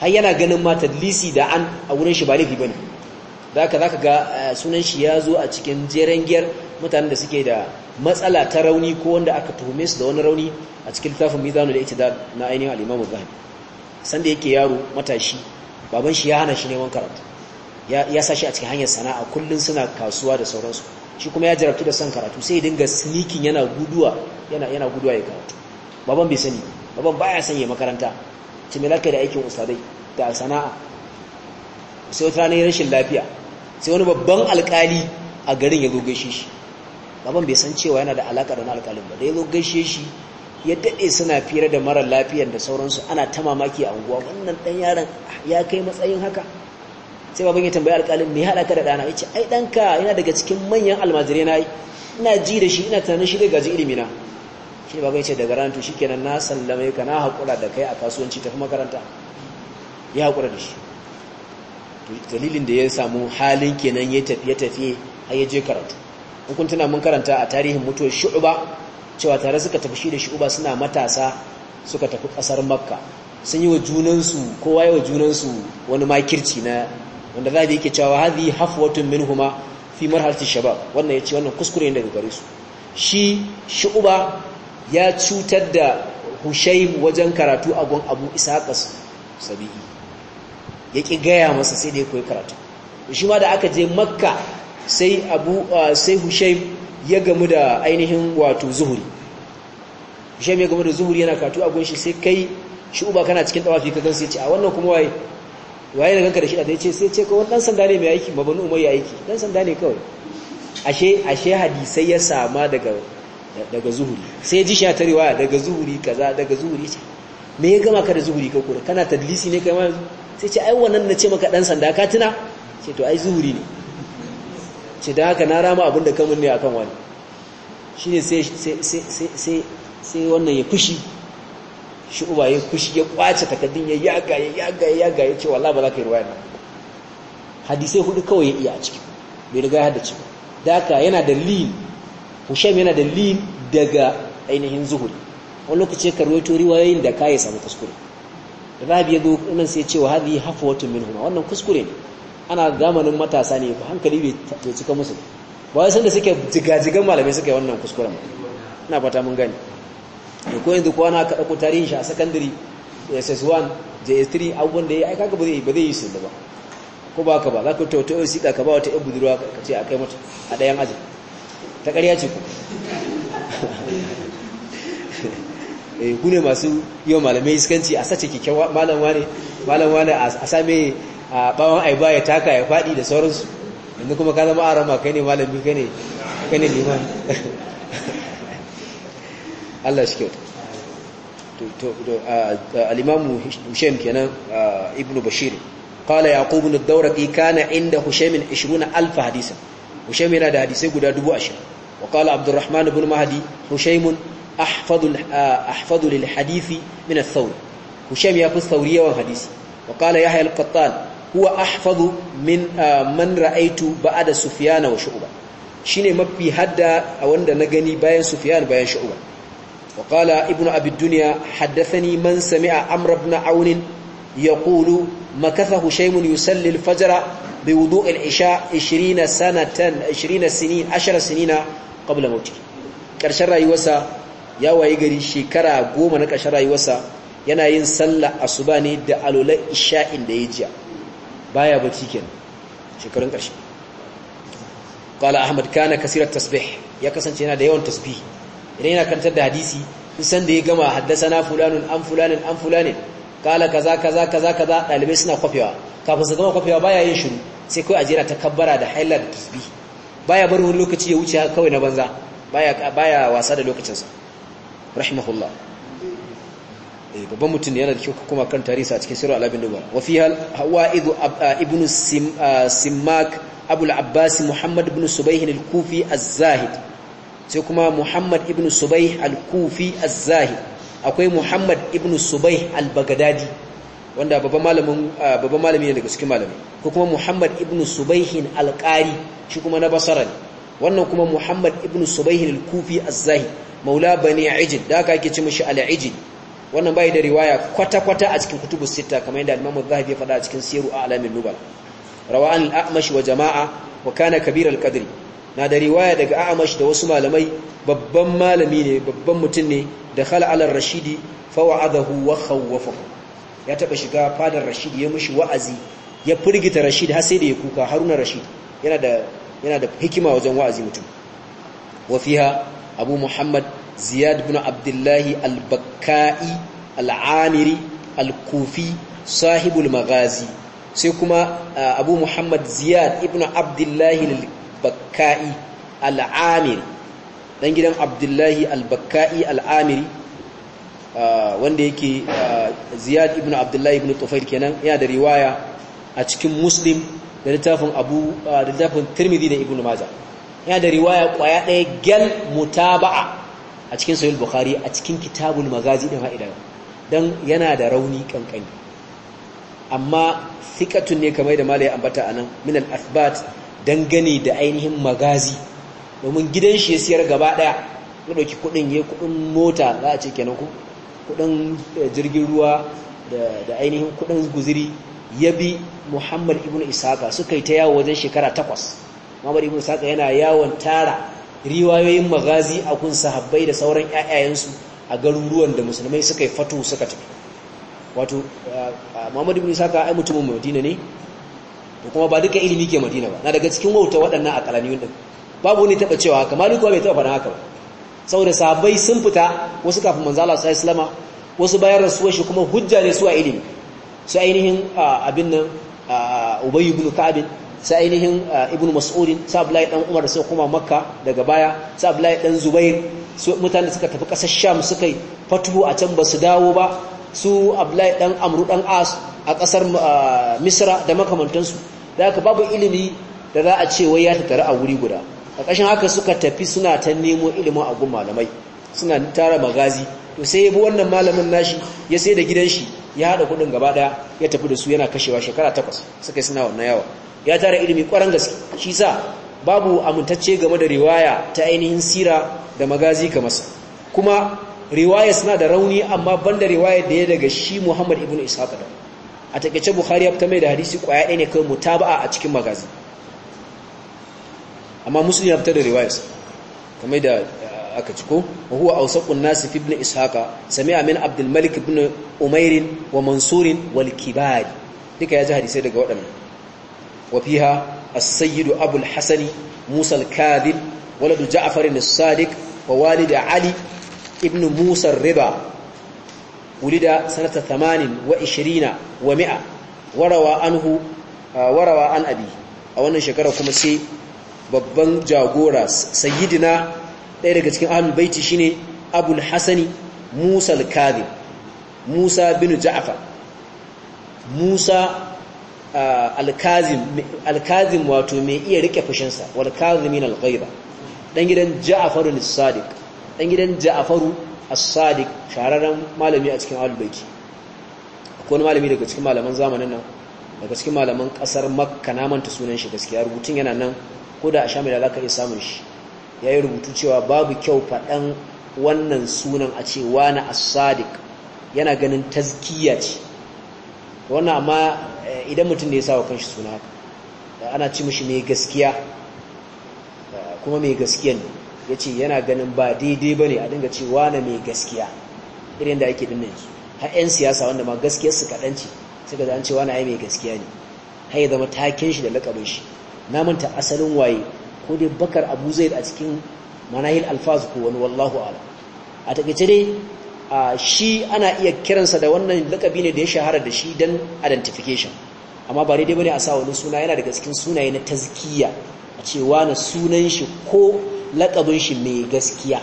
har yana ganin ma tadlisi da an a wurin shi ba laifi bane da haka zaka ga eh, sunan shi ya zo a cikin jeren giyar mutanen da suke da matsala ta rauni ko wanda aka tuhume su da wani rauni a cikin littafin mizanul i'tidal na ainihin al-imamu sanda yake yaro matashi baban shi ya hana shi neman karatu ya sa shi a cikin hanyar sana'a kullun suna kasuwa da sauransu shi kuma ya jarabtu da son karatu sai ya dinga sneaking yana guduwa yana guduwa ya karatu baban bai sani baban baya son ya makaranta ce da aikin ustadai da sana'a sai wata ranar rashin lafiya sai wani babban alkali a garin ya zo gaishe shi baban bai san cewa yana da alaka da wani alkalin ba da ya zo gaishe shi ya daɗe suna fira da mara lafiyar da sauransu ana ta mamaki a unguwa wannan ɗan yaron ya kai matsayin haka sai baban ya tambayi alƙalin mai haɗa ka da ɗana ya ce ai ɗanka yana daga cikin manyan almajirai na ina ji da shi ina tunanin shi daga ji ilimina shi ba ce daga shi ke nan na sallame ka na haƙura da kai a kasuwanci tafi makaranta ya haƙura da shi dalilin da ya samu halin kenan ya tafiye tafiye a ya je karatu in kun tuna mun karanta a tarihin mutuwar shu'uba cewa tare suka tafi shi da shu'ba suna matasa suka tafi kasar makka sun yi wa junansu kowa yi wa junansu wani makirci na wanda za da yake cewa hadhi hafwatun minhuma fi marhalati shabab wannan ya ce wannan kuskure ne daga gare su shi shu'ba ya cutar da hushaim wajen karatu a gun abu isaqas sabi'i ya ƙi gaya masa sai da ya koyi karatu shi ma da aka je makka sai abu sai hushaim ya gamu da ainihin wato zuhuri hushaim ya gamu da zuhuri yana karatu a gun shi sai kai shi uba kana cikin tawafi ka gan sai ce a wannan kuma waye waye da ganka da shi da yace sai ce ko dan sanda ne mai aiki babanu umayya aiki dan sanda ne kawai ashe ashe hadisi ya sama daga daga zuhuri sai ji shata riwaya daga zuhuri kaza daga zuhuri ce me ya gama ka da zuhuri ka kura kana tadlisi ne kai ma sai ce ai wannan na ce maka dan sanda ka tuna ce to ai zuhuri ne ce da haka na rama abin da kamun ne akan wani shine sai sai sai sai wannan ya fushi shi uba ya fushi ya kwace takaddun ya yaga ya yaga ya yaga ya ce wallahi ba za ka yi ruwaya hadisai hudu kawai ya iya a ciki bai riga ya hada ba da haka yana da Hushaim yana da lin daga ainihin zuhuri wani lokaci ka rawaito riwayoyin da kai samu kuskure da rabi yazo nan sai cewa hadi min minhuma wannan kuskure ne ana gamanin matasa ne ba hankali bai to cika musu ba wai san da suke jigajigan malamai suka yi wannan ma ina fata mun gani da ko yanzu ko ana ka tarihin shi a sakandari SS1 JS3 abubuwan da ya aika ka ba zai ba zai yi su da ba ko ba ka ba za ka tauta yau sika ka ba wata ‘yan budurwa ka ce a kai mata a ɗayan ajin ta ƙarya ce ku eh ku ne masu yau malamai iskanci a sace kyakkyawa malamwa ne malamwa ne a same a bawon aiba ya taka ya faɗi da sauransu yanzu kuma ka zama arama kai ne malami kai ne kai ne liman (laughs) Allah shi kyauta الإمام هشام كان ابن بشير قال يعقوب بن الدورقي كان عند هشام عشرون ألف حديثا hushaim yana da hadisai guda dubu ashirin wa qala abdurrahman ibn mahdi hushaimun ahfadul ah, ahfadu lil hadisi min ath-thawr hushaim ya fi sauri yawan hadisi wa qala yahya al-qattan huwa ahfadu min ah, man ra'aytu ba'da sufyan wa shu'ba shine mafi hadda a wanda na gani bayan sufyan bayan shu'ba wa qala ibn abi dunya haddathani man sami'a amr ibn aun yaqulu makatha hushaimun yusalli al-fajr بوضوء العشاء 20 سنة 20 سنين 10 سنين قبل موته ƙarshen rayuwarsa ya waye gari shekara goma na ƙarshen rayuwarsa yana sallah asuba ne da alola isha'in da ya jiya baya bacci shekarun ƙarshe qala ahmad kana kasirar tasbih ya kasance yana da yawan tasbih idan yana kantar da hadisi in san da ya gama haddasa na fulanin an fulanin an fulanin kala kaza kaza kaza kaza ɗalibai suna kwafewa kafin su gama kwafewa ya yin shiru sai kawai ajera ta kabbara da haila da tasbih baya bari wani lokaci ya wuce haka kawai na banza ba ya wasa da lokacinsa rahimahullah eh babban mutum yana da kyau kuma kan tarihi a cikin sirru alabin dubara wa fiha hawaid ah, ibn simmak ah, abul al-abbas muhammad ibn subayh al-kufi az-zahid sai kuma muhammad ibn subayh al-kufi az-zahid akwai muhammad ibn subayh al-bagdadi wanda babban malamin malami ne daga cikin malamai ko kuma Muhammad ibn Subaihin al-Qari shi kuma na Basra ne wannan kuma Muhammad ibn Subaihin al-Kufi az maula bani Ijil da aka ake ci mashi al-Ijil wannan bai da riwaya kwata-kwata a cikin kutubu sita kamar yadda al-Imam zahabi ya faɗa a cikin Siru A'lamin Nubal rawan al-A'mash wa jama'a wa kana kabir al-qadri na da riwaya daga A'amash da wasu malamai babban malami ne babban mutum ne da khala al-Rashidi fa wa'adahu wa khawwafahu ya taba shiga fadar Rashid ya mushi wa'azi ya firgita Rashid har sai da ya kuka Haruna Rashid yana da yana da hikima wajen wa'azi mutum wa fiha Abu Muhammad Ziyad ibn Abdullah al-Bakkai al-Amiri al-Kufi sahibul magazi sai kuma Abu Muhammad Ziyad ibn Abdullah al-Bakkai al-Amiri dan gidan abdullahi al-Bakkai al-Amiri Ah, wanda yake ah, ziyad ibn abdullahi ibn tufail kenan yana da riwaya a cikin muslim da littafin abu ah, da littafin tirmidhi da ibn majah yana da riwaya kwaya ɗaya gal mutaba'a a cikin sahih bukhari a cikin kitabul magazi din ha'ida dan yana da rauni kankani amma thiqatun ne kamar da malai ambata anan min al athbat dangane da ainihin magazi domin gidan shi ya siyar gaba daya ya dauki kudin ya kudin mota za a ce kenan ku kudin eh, jirgin ruwa da ainihin kudin guziri ya bi muhammad ibn isaka suka yi ta yawo wajen shekara takwas muhammad ibn isaka yana yawon tara riwayoyin magazi a kun sahabbai da sauran 'ya'yayensu a garuruwan da musulmai suka yi fato suka tafi wato eh, muhammad ibn isaka ai mutumin madina ne da kuma ba duka ilimi ke madina ba na daga cikin wauta waɗannan akalaniyun din babu wani taɓa cewa kamar malikuwa bai taɓa faɗa haka ba saboda sahabbai sun fita wasu kafin manzo Allah sallallahu alaihi wasallama wasu bayan rasuwar shi kuma hujja ne su a ilimi su ainihin abin nan Ubay ibn Ka'ab sai ainihin ibn Mas'ud sai Abdullahi dan Umar sai kuma Makka daga baya sai Abdullahi dan Zubair su mutane suka tafi kasar Sham suka yi fatuhu a can basu dawo ba su Abdullahi dan Amru dan As a kasar Misra da makamantansu da haka babu ilimi da za a ce wai ya tattara a wuri guda a ƙashin haka suka tafi suna ta nemo ilimin agun malamai suna tara magazi to sai ya wannan malamin nashi ya sai da gidan shi ya haɗa kuɗin gaba ɗaya ya tafi da su yana kashewa shekara takwas suka yi suna wannan yawa ya tara ilimi ƙwarar gaske shi sa babu amintacce game da riwaya ta ainihin sira da magazi kamar sa kuma riwaya suna da rauni amma ban da riwaya da ya daga shi Muhammad ibn Ishaq da a taƙaice buhari ya fita mai da hadisi ƙwaya ɗaya ne kai mutaba'a a cikin magazi amma muslim ya fitar da riwayas kamar da uh, aka ciko wa huwa awsaqun nas fi ibn ishaqa sami'a min abdul malik ibn wa mansur wal kibar duka ya hadisi daga waɗannan wa fiha as-sayyid abu al-hasan musa al-kadhib waladu ja'far as-sadiq wa walid ali ibn musa ar-riba ولد سنة ثمان وعشرين ومئة وروى عنه وروى عن أبيه أولا babban jagora sayyidina ɗaya daga cikin ahlul baiti shine abul hasani musa al kadi musa bin ja'far musa al kadi wato mai iya rike fushinsa wal kazimin al-ghaiba dan gidan ja'faru as-sadiq dan gidan ja'faru as-sadiq shahararren malami a cikin al-baiti akwai wani malami daga cikin malaman zamanin nan daga cikin malaman kasar makka na manta sunan shi gaskiya rubutun yana nan ko da a sha za ka iya samun shi ya yi rubutu cewa babu kyau faɗan wannan sunan a ce wani asadik yana ganin tazkiya ce wannan amma eh, idan mutum ne ya sa wa kanshi suna haka eh, ana ci mishi mai gaskiya eh, kuma mai gaskiya ne ya ce yana ganin ba daidai ba ne a dinga ce na mai gaskiya irin da ake dinnan su har siyasa wanda ma gaskiyarsu kaɗan ce suka zan ce na yi mai gaskiya ne har ya zama takin shi da lakabin shi na manta asalin waye ko dai bakar abu zai a cikin manahil alfaz ko wani wallahu ala a takaice dai shi ana iya kiransa da wannan lakabi ne da ya shahara da shi don identification amma ba daidai bane a sa wani suna yana daga cikin sunaye na tazkiya a cewa na sunan shi ko lakabin shi mai gaskiya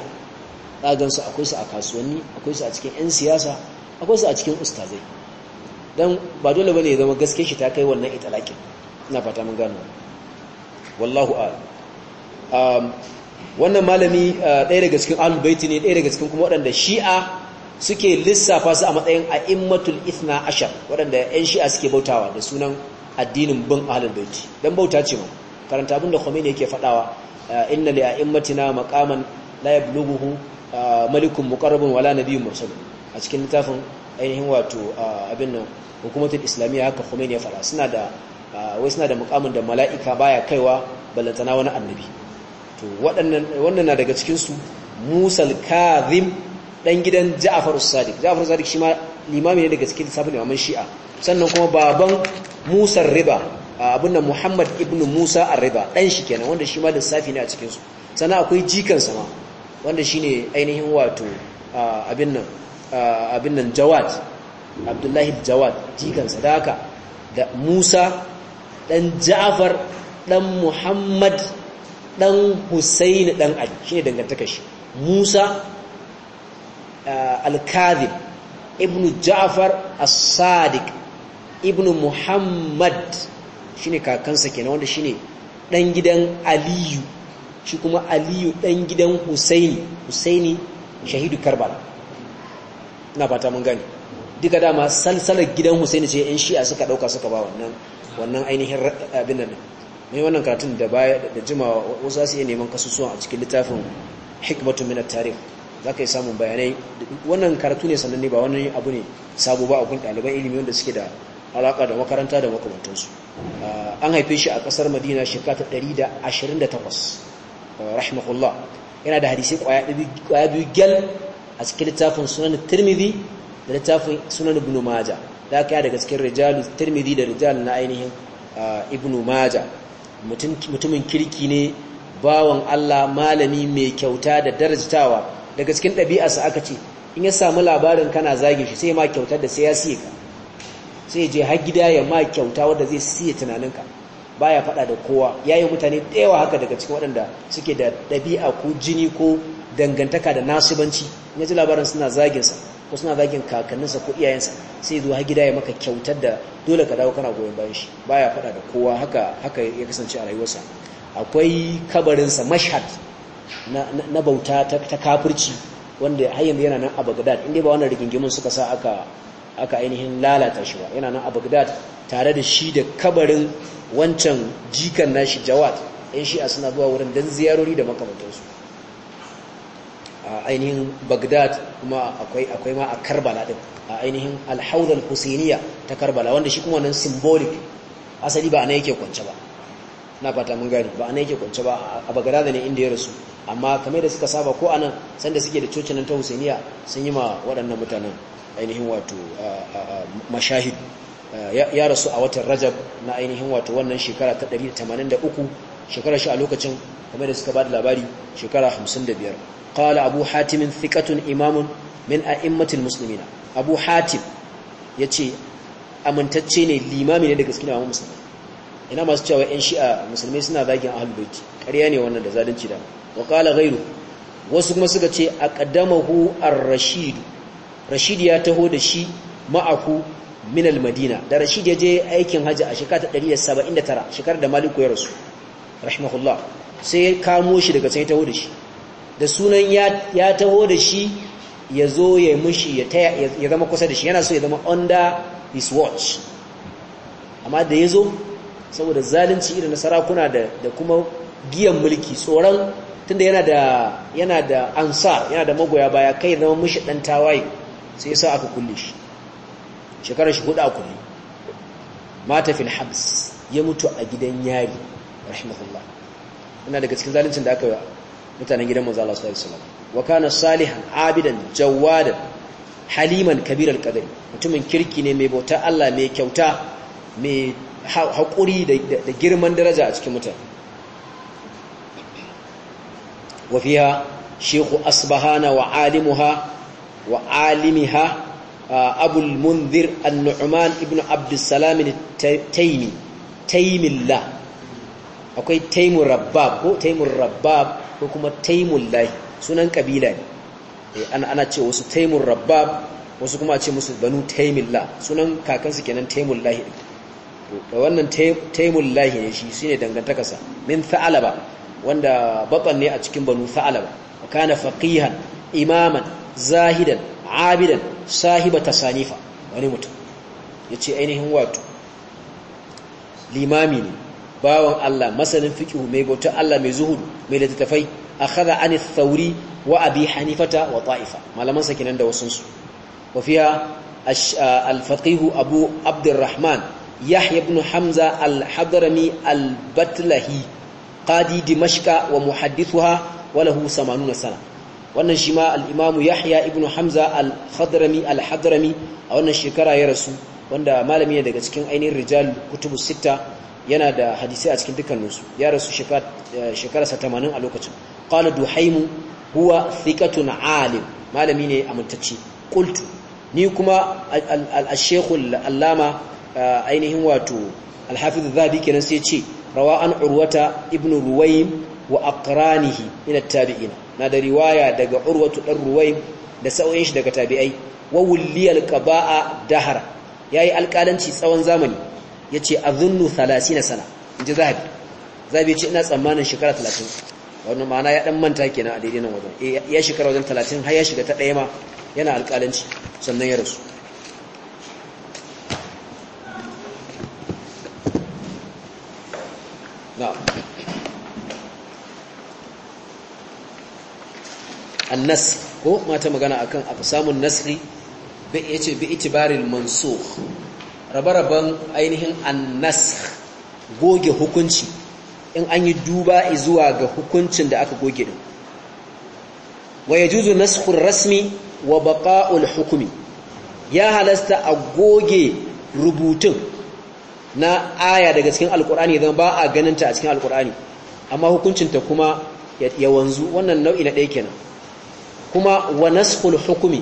za su akwai su a kasuwanni akwai su a cikin 'yan siyasa akwai su a cikin ustazai don ba dole bane ya zama gaske shi ta kai wannan italakin na fata mun gano wallahu a'lam um, wannan malami uh, ɗaya daga cikin albaiti ne ɗaya daga cikin kuma waɗanda shi'a suke lissafa su a matsayin a'immatul ithna ashar waɗanda 'yan shi'a suke bautawa da sunan addinin bin albaiti baiti dan bauta ce ma karanta abin da Khomeini yake faɗawa uh, inna li a'immatina maqaman la yablughuhu uh, malikun muqarrabun wala biyun mursal a cikin littafin ainihin wato abin nan hukumatul islamiyya haka Khomeini ya faɗa suna da wai suna da mukamin da mala'ika baya kaiwa balantana wani annabi to wannan na daga cikinsu musal kazim dan gidan Ja'afarus sadiq Ja'afarus sadiq shi ma limami ne daga cikin lissafin limaman shi'a sannan kuma baban musa riba abin nan muhammad ibn musa riba dan shi kenan wanda shi ma lissafi ne a cikinsu sannan akwai jikan ma wanda shi ne ainihin wato abin abin nan jawad abdullahi jawad jikan sadaka da musa dan Ja'far dan Muhammad dan Husaini dan Ali shine dangantaka shi Musa eh, al-Kadhib ibn Ja'far as-Sadiq ibn Muhammad shine kakansa kenan wanda shine dan gidan Aliyu shi kuma Aliyu dan gidan Husaini Husaini shahidu Karbala na fata mun gani duka dama salsalar gidan hussein ce yan shi'a suka dauka suka ba wannan wannan ainihin abin nan mai wannan karatun da baya da jimawa wasu su neman kasusuwan a cikin littafin hikmatu min at-tarikh zaka yi samun bayanai wannan karatu ne sannan ne ba wannan abu ne sabo ba a kun ɗaliban ilimi wanda suke da alaka da makaranta da makamantansu ah, an haife shi a kasar Madina shekara 128 rahimahullah yana da hadisi kwaya biyu gyal a cikin littafin sunan Tirmidhi da littafin sunan ibn maja da aka daga cikin rijalu tirmidhi da rijal na ainihin ibn maja mutumin kirki ne bawan Allah malami mai kyauta da darajtawa daga cikin ɗabi'arsa aka ce in ya samu labarin kana zage shi sai ma kyauta da sai ya siye ka sai je har gida ya ma kyauta wanda zai siye tunaninka baya fada da kowa yayi mutane dayawa haka daga cikin waɗanda suke da ɗabi'a ko jini ko dangantaka da nasibanci in ya ji labarin suna sa ko suna zagin kakanninsa ko iyayensa sai zuwa gida ya maka kyautar da dole ka dawo kana goyon bayan shi baya faɗa da kowa haka haka ya kasance a rayuwarsa akwai kabarinsa mashhad na, na, bauta ta, kafirci wanda har yanzu yana nan a Baghdad inda ba wannan rigingimin suka sa aka aka ainihin lalata shi ba yana nan a Baghdad tare da shi da kabarin wancan jikan nashi Jawad ɗan shi'a suna zuwa wurin dan ziyarori da makamantansu a ainihin bagdad kuma akwai ma a karbala din a ainihin alhaud al ta karbala wanda shi kuma nan symbolic asali ba ana yake kwance ba na fata mun gani ba ana yake kwance ba a bagdad ne inda ya rasu amma kamar da suka saba ko anan sanda suke da cocin nan ta husainiya sun yi ma waɗannan mutanen ainihin wato mashahid ya rasu a watan rajab na ainihin wato wannan shekara ta 183 shekarar shi a lokacin kuma da suka ba da labari shekara 55 qala abu hatim thiqatun imamun min a'immatil muslimina abu hatim yace amintacce ne limami ne daga cikin imamun musulmi ina masu cewa yan shi'a musulmai suna zagin ahlul bait ƙarya ne wannan da zalunci da wa qala ghayru wasu kuma suka ce aqdamahu ar-rashid rashid ya taho da shi ma'aku min al-madina da rashid ya je aikin hajji a shekara 179 shekarar da maliku ya rasu rahimahullah sai ya kamo shi daga sai ya taho da shi da sunan ya taho da shi ya zo ya mushi ya zama kusa da shi yana so ya zama under his watch amma da ya zo saboda zalunci irin na sarakuna da kuma giyan mulki tsoron tunda yana da yana da ansa yana da magoya baya kai zama mushi dan tawaye sai sa aka kulle shi shekarar shi hudu a kulle mata habs ya mutu a gidan yari rahimahullah ina daga cikin zaluncin da aka yi mutanen gidan manzo Allah sallallahu alaihi wasallam wa kana salihan abidan jawadan haliman kabiral qadari mutumin kirki ne mai bauta Allah mai kyauta mai hakuri da girman daraja a cikin mutane wa fiha shekhu asbahana wa alimuha wa alimiha uh, abul munzir an-nu'man ibn abdussalam taymi taymillah akwai taimur rabbab ko taimur rabbab ko kuma taimul lahi sunan kabila ne eh, ana ce wasu taimur rabbab wasu kuma ce musu banu lahi sunan kakansu kenan taimul lahi da wannan taimul lahi ne shi ne dangantakarsa min tha'alaba wanda baban ne a cikin banu tha'alaba kana faqihan imaman zahidan abidan sahiba tasanifa wani mutum ya ce ainihin wato limami ne bawan Allah masanin fiqh mai bauta Allah mai zuhudu mai littafai akhadha an ath-thawri wa abi hanifata wa ta'ifa malaman sa kenan da wasun su wa fiha ah, al-faqih abu abdurrahman yahya ibn hamza al-hadrami al-batlahi qadi dimashqa wa muhaddithuha wa lahu 80 sana wannan shi ma al-imam yahya ibn hamza al-hadrami al-hadrami a wannan shekara ya rasu wanda malami ne daga cikin ainihin rijal kutubus sita. yana da hadisai a cikin dukkaninsu ya rasu eh, shekararsa 80 a lokacin qala duhaimu huwa thiqatun alim malami ne amintacce ƙultu ni kuma al shekul allama eh, ainihin wato al-hafiz zabi kenan sai ce rawa an urwata ibnu ruwayim wa aqranihi ila tabi'ina na da riwaya daga urwatu dan ruwayim da sa'o'in shi daga tabi'ai wa wulli al-qaba'a ya yayi alƙalanci tsawon zamani ya ce a zunnu thalasi na sana in ji zahabi zahabi ce ina tsammanin shekara talatin wani ma'ana ya dan manta kenan a daidai nan wajen eh, ya shekara wajen talatin har ya shiga ta ɗaya ma yana alƙalanci sannan ya rasu annas ko mata magana akan samun nasri bai yace bi itibaril mansukh rabe-raben ainihin annas goge hukunci in an yi duba zuwa ga hukuncin da aka goge din wa juzu naskun rasmi wa baqa'ul hukmi ya halasta a goge rubutun na aya daga cikin alkur'ani zan ba a ganinta a cikin alkur'ani amma ta kuma ya wanzu wannan nau'i na ɗaya kenan kuma wa naskun hukumi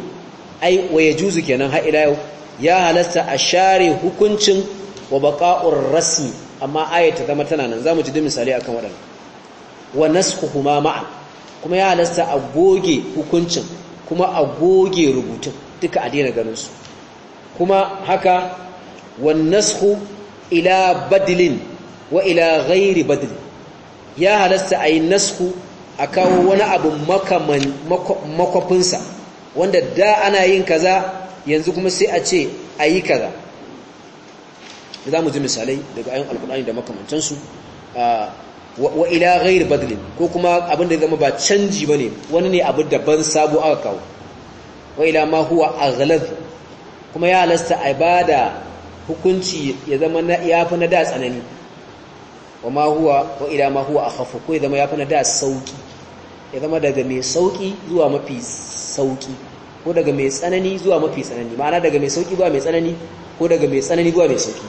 ai wa juzu kenan har ila yau ya halasta a share hukuncin wa baƙa'ur rasmi amma ayyata zama tana nan za mu ji da misali kan waɗanda. wa kuma ma'a kuma ya halasta a goge hukuncin kuma a goge rubutun duka a daina ganin kuma haka wa nasqu ila badilin wa ila ghairi badilin ya halasta yi nasku a kawo wani abu makwafinsa wanda da ana yin kaza yanzu kuma sai a ce a yi kaza za mu ji misalai daga ayin alkur'ani da makamantansu wa ila gair badlin ko kuma abin da zama ba canji ba ne wani ne abu daban sabo aka kawo wa ila ma huwa aghlab kuma ya halasta a bada hukunci ya zama ya fi na da tsanani wa ma huwa wa ila ma huwa akhaf ko ya zama ya fi na da sauki ya zama daga mai sauki zuwa mafi sauki ko daga mai tsanani zuwa mafi tsanani ma'ana daga mai sauki zuwa mai tsanani ko daga mai tsanani zuwa mai sauki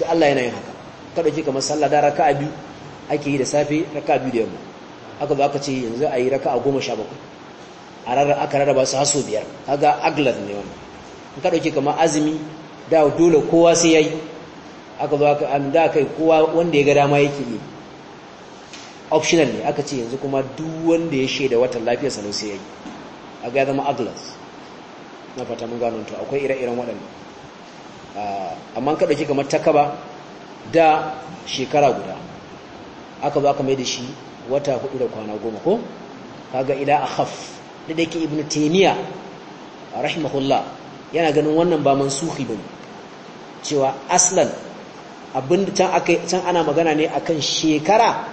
duk Allah yana yin haka ka dauke kamar sallah da raka'a biyu ake yi da safe raka'a biyu da yamma aka zo aka ce yanzu ayi raka'a 17 a rarra aka rarraba su haso biyar kaga aglad ne wannan in ka dauki kamar azumi da dole kowa sai yayi aka zo aka da kai kowa wanda ya ga dama yake yi optional ne aka ce yanzu kuma duk wanda ya shaida watan lafiyarsa ne sai yayi aga zama aglas na fata mun gano to akwai ire-iren waɗanda ah, amma ka ɗauki kamar takaba da shekara guda aka zo aka mai da shi wata hudu da kwana goma ko kaga ila akhaf da dake ibnu taymiya rahimahullah yana ganin wannan ba mansuhi bane cewa aslan abinda can can ana magana ne akan shekara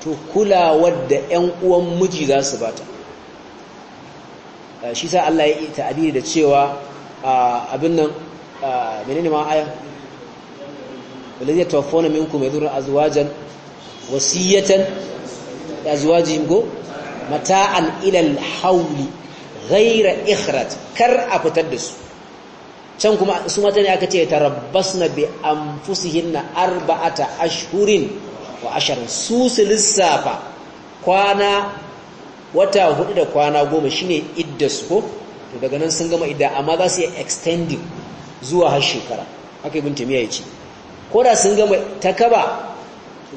to kula wadda yan uwan miji za su bata Ah, shi sa Allah ya yi ta'abiri da cewa ah, abin nan ah, menene ma aya walladhi tawaffawna minkum yadhurru azwajan wasiyatan azwajihim go mata'an ila al-hawli ghayra ikhraj kar a fitar da su can kuma su mata ne aka ce tarabbasna bi anfusihinna arba'ata ashhurin wa asharin su su lissafa kwana wata hudu da kwana goma shine iddas ko to daga nan sun gama idda amma za su yi extending zuwa har shekara haka ibn tamiya yace ko da sun gama takaba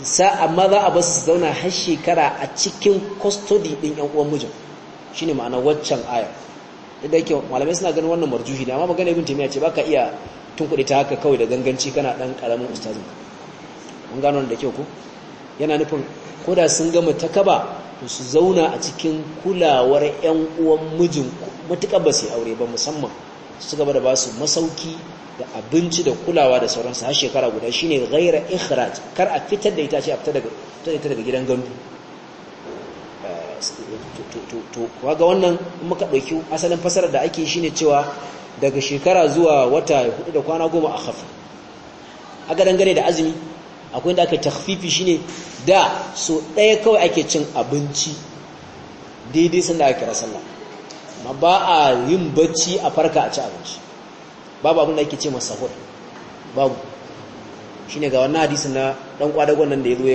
sa amma za a basu su zauna har shekara a cikin custody din yan uwan mijin shine ma'ana waccan aya da ke malamai suna ganin wannan marjuhi ne amma magana ibn tamiya ce baka iya tunkuɗe ta haka kawai da ganganci kana dan karamin ustazin mun gano da kyau ko yana nufin ko da sun gama takaba to su zauna a cikin kulawar 'yan uwan mijin matuƙa ba su aure ba musamman su gaba da ba su masauki da abinci da kulawa da sauransu har shekara guda shine ghaira ikhraj kar a fitar da ita ce a fitar da ita daga gidan gandu eh, to wannan muka ɗauki asalin fasarar da ake shi ne cewa daga shekara zuwa wata hudu da kwana goma a khafi aka dangane da azumi akwai da aka takhfifi shine da so ɗaya kawai ake cin abinci daidai da aka kira sallah amma ba a yin bacci a farka a ci abinci babu abin da ake ce masa sahur babu shine ga wannan hadisin na dan kwadagon nan da ya zo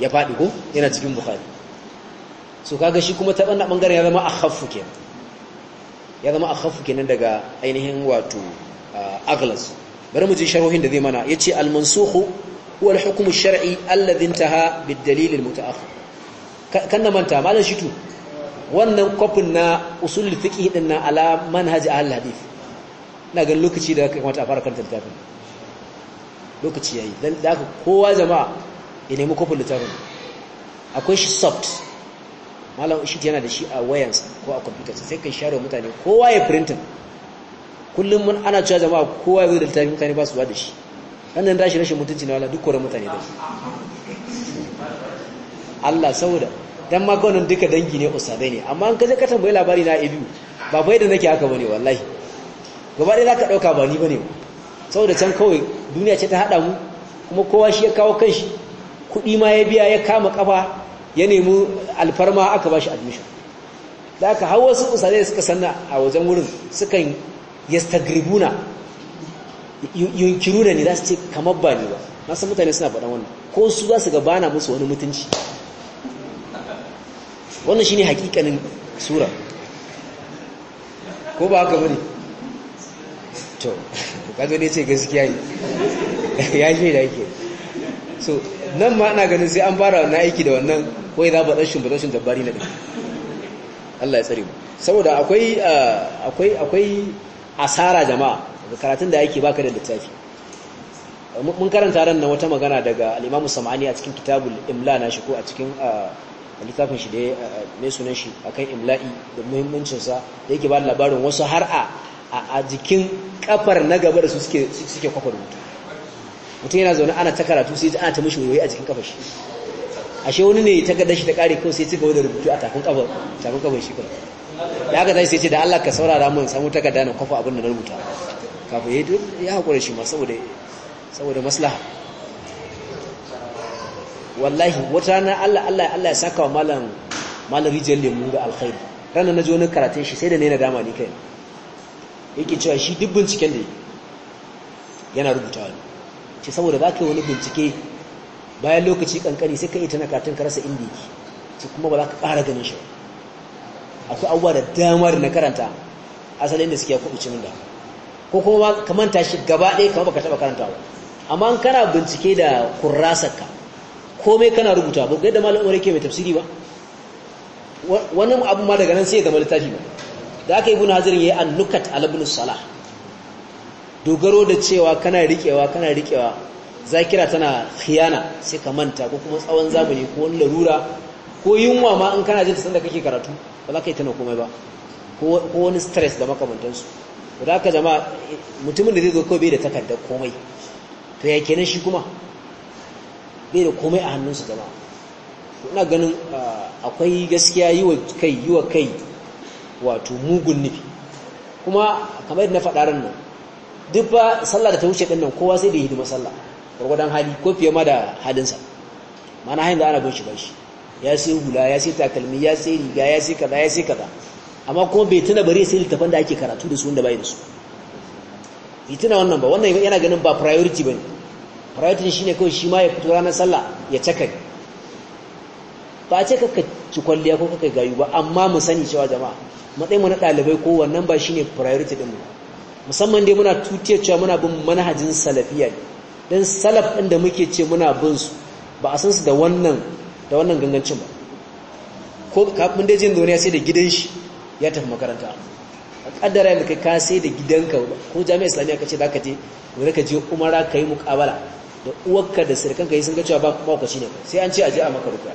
ya faɗi ko yana cikin bukhari so kaga shi kuma ta wannan bangaren ya zama akhaffu kenan ya zama akhaffu kenan daga ainihin wato ah, aglas bari mu ji sharhohin da zai mana yace al-mansukhu huwa al-hukm ash-shar'i alladhi intaha bid-dalil al-muta'akhir kan manta malam shitu wannan kofin na usulul fiqh na ala manhaj ahlul hadith ina ga lokaci da kamata a fara karanta littafin lokaci yayi dan haka kowa jama'a ya kofin littafin akwai shi soft malam shi yana da shi a wayansa ko a computer sai kai share mutane kowa ya printin kullum mun ana cewa jama'a kowa ya zo littafin mutane ba su ba shi wannan tashi rashin mutunci na wala duk kore mutane da Allah saboda dan ma duka dangi ne ustadai ne amma an kaje ka tambayi labari na ibiyu ba bai da nake haka bane wallahi gaba dai zaka dauka ba ni bane saboda can kawai duniya ce ta hada mu kuma kowa shi ya kawo kanshi kuɗi ma ya biya ya kama kafa ya nemi alfarma aka bashi admission da aka hawa su ustadai suka sanna a wajen wurin sukan yastagribuna yunkiru da ni za su ce kamar ba ni ba na san mutane suna faɗa wannan ko su za su ga bana musu wani mutunci wannan shi ne hakikanin sura ko ba haka bane to kaga ne ce gaskiya ne (laughs) ya ce da yake so nan ma ana ganin sai an fara na aiki da wannan kawai za ba ba ɗanshin dabari na ɗin Allah ya tsare mu saboda akwai ah, akwai akwai asara jama'a karatun da yake baka da littafi mun karanta ran nan wata magana daga al-Imam Sam'ani a cikin kitabul Imla na shi ko a cikin littafin shi da mai sunan shi akan imla'i da muhimmancin sa da yake ba labarin wasu har a a jikin kafar na gaba da su suke suke kwafar mutum mutum yana zaune ana ta karatu sai ana ta mishi wayoyi a jikin kafar shi ashe wani ne ta gadar shi ta kare ko sai ci gaba da rubutu a tafin kafar tafin kafar shi kuma ya ga sai ce da Allah ka saurara mun samu takarda na kwafa abin da na rubuta kafin ya haƙura shi ma saboda maslaha wallahi wata na Allah Allah ya saka wa malar malar rijiyar lemu da alkhairi ranar na zi wani karatun shi sai da ne na dama ni kai yake cewa shi duk binciken da yana rubuta ne ce saboda za ka yi wani bincike bayan lokaci kankani sai ka yi ta na karatun karasa inda yake ce kuma ba za ka ƙara ganin shi akwai abubuwa da damar na karanta asalin da suke kuɓuce min damar ko kuma ka manta shi gaba ɗaya kamar baka taɓa karanta ba amma in kana bincike da kurrasarka komai kana rubuta ba yadda malin umar yake mai tafsiri ba wani abu ma daga nan sai ya zama littafi ba da aka yi bu nazirin ya yi an annukat alabnu salah dogaro da cewa kana riƙewa kana riƙewa zakira tana khiyana sai ka manta ko kuma tsawon zamani ko wani larura ko yunwa ma in kana jin ta sanda kake karatu ba za ka yi tana komai ba ko wani stress da makamantansu to ka zama mutumin da zai zo kawai bai da takardar komai to ya kenan shi kuma bai da komai a hannunsa zama. to ina ganin akwai gaskiya yi wa kai yi wa kai wato mugun nufi kuma kamar yadda na faɗa ran nan duk ba sallah da ta wuce ɗin nan kowa sai da ya hidima sallah gwargwadon hali ko fiye ma da halinsa mana hanyar da ana bin shi ba shi ya sai hula ya sai takalmi ya sai riga ya sai kaza ya sai kaza amma kuma bai tuna bare sai littafan da ake karatu da su wanda bai da su bai tuna wannan ba wannan yana ganin ba priority bane priority shine kawai shi ma ya fito ranar sallah ya caka ba ce ka ci kwalliya ko kai gayu ba amma mu sani cewa jama'a matsayin mu na dalibai ko wannan ba shine priority din mu musamman dai muna tutiyar cewa muna bin manhajin salafiyya dan salaf din da muke ce muna bin su ba a san su da wannan da wannan gangancin ba ko kafin dai jin duniya sai da gidan shi ya tafi makaranta a kaddara yadda kai ka kasai da gidanka ko jami'a islamiyya ka ce za ka je wani ka je umara ka yi mukabala da uwakka da ka yi sun ga cewa ba makwaci ne sai an ce a je a maka rukuwa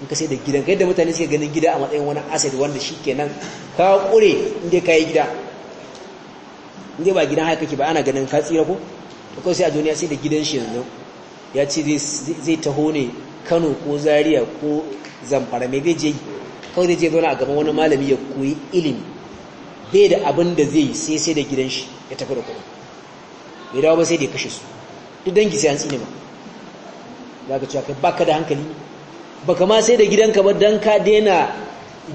in ka sai da gidanka yadda mutane suke ganin gida a matsayin wani asset wanda shi kenan ka kure inda ka yi gida inda ba gidan haka ke ba ana ganin ka tsira ko ta kawai sai a duniya sai da gidan shi yanzu ya ce zai taho ne kano ko zaria ko zamfara mai zai je kawai zai je zauna a gaban wani malami ya koyi ilimi bai da abin da zai sai sai da gidan shi ya tafi da kuɗin bai dawo ba sai da ya kashe su duk dangi sai an tsini ba za ka cewa kai baka da hankali baka ma sai da gidanka ba don ka daina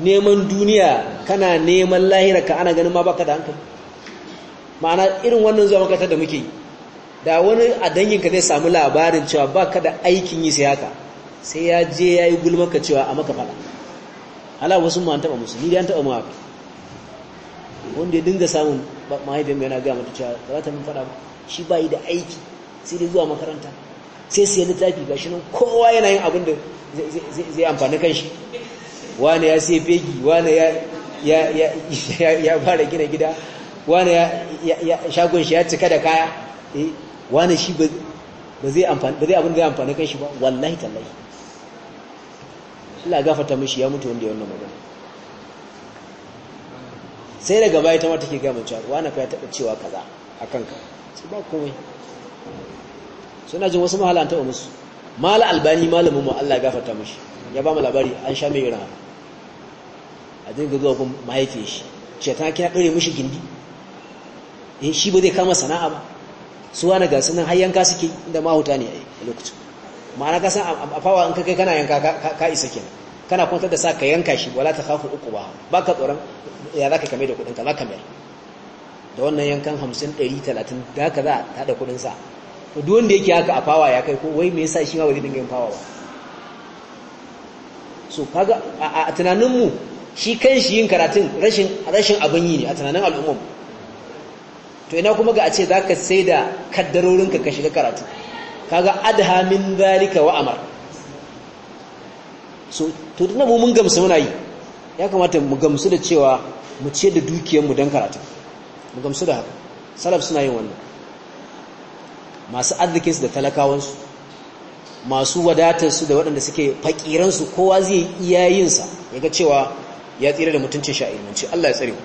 neman duniya kana neman lahira ka ana ganin ma baka da hankali ma'ana irin wannan zuwa makarantar da muke da wani a danginka zai samu labarin cewa baka da aikin yi sai haka sai ya je ya yi gulmaka cewa a maka fada ala wasu ma an taba musu ni dai an taba mu haka wanda ya dinga samun mahaifin mai yana ga mata cewa ba za ta min fada ba shi ba yi da aiki sai dai zuwa makaranta sai sai littafi gashi nan kowa yana yin abin da zai amfani kanshi wani ya sai fegi wani ya ya ya ya fara gina gida wani ya ya shagon shi ya cika da kaya eh wani shi ba zai amfani ba zai abin da zai amfani kanshi ba wallahi tallahi Allah gafarta mishi ya mutu wanda ya wannan magana sai daga baya ta mata ke ga mace wani fa ya taba cewa kaza akan ka sai ba komai suna jin wasu mahalan taba musu mala albani malamin mu Allah gafarta mishi ya ba mu labari an sha mai rana a dinga zuwa kun mahaifi shi ce ta kira dore mishi gindi in eh, shi ba zai kama sana'a ba su wani ga sunan har yanka suke inda mahuta ne a lokacin ma'ana ka san a fawa in ka kai kana yanka ka isa kenan kana kwantar da sa ka yanka shi wala ta khafu ba baka tsoron ya zaka kame da kudin ka zaka mai da wannan yankan 50 talatin da ka za ta da kudin sa to duk wanda yake haka a fawa ya kai ko wai me yasa shi ma ba dinga yin fawa ba so kaga a tunanin mu shi kan shi yin karatun rashin rashin abin yi ne a tunanin al'ummar to ina kuma ga a ce zaka sai da kaddarorinka ka shiga karatu kaga adha min zalika wa amar so to tunda mu mun gamsu muna yi ya kamata mu gamsu da cewa mu ce da dukiyar mu dan karatu mu gamsu da haka salaf suna yin wannan masu su da talakawansu masu wadatarsu da waɗanda suke fakiransu kowa zai iya yinsa ya ga cewa ya tsira da mutuncin ce Allah ya tsare mu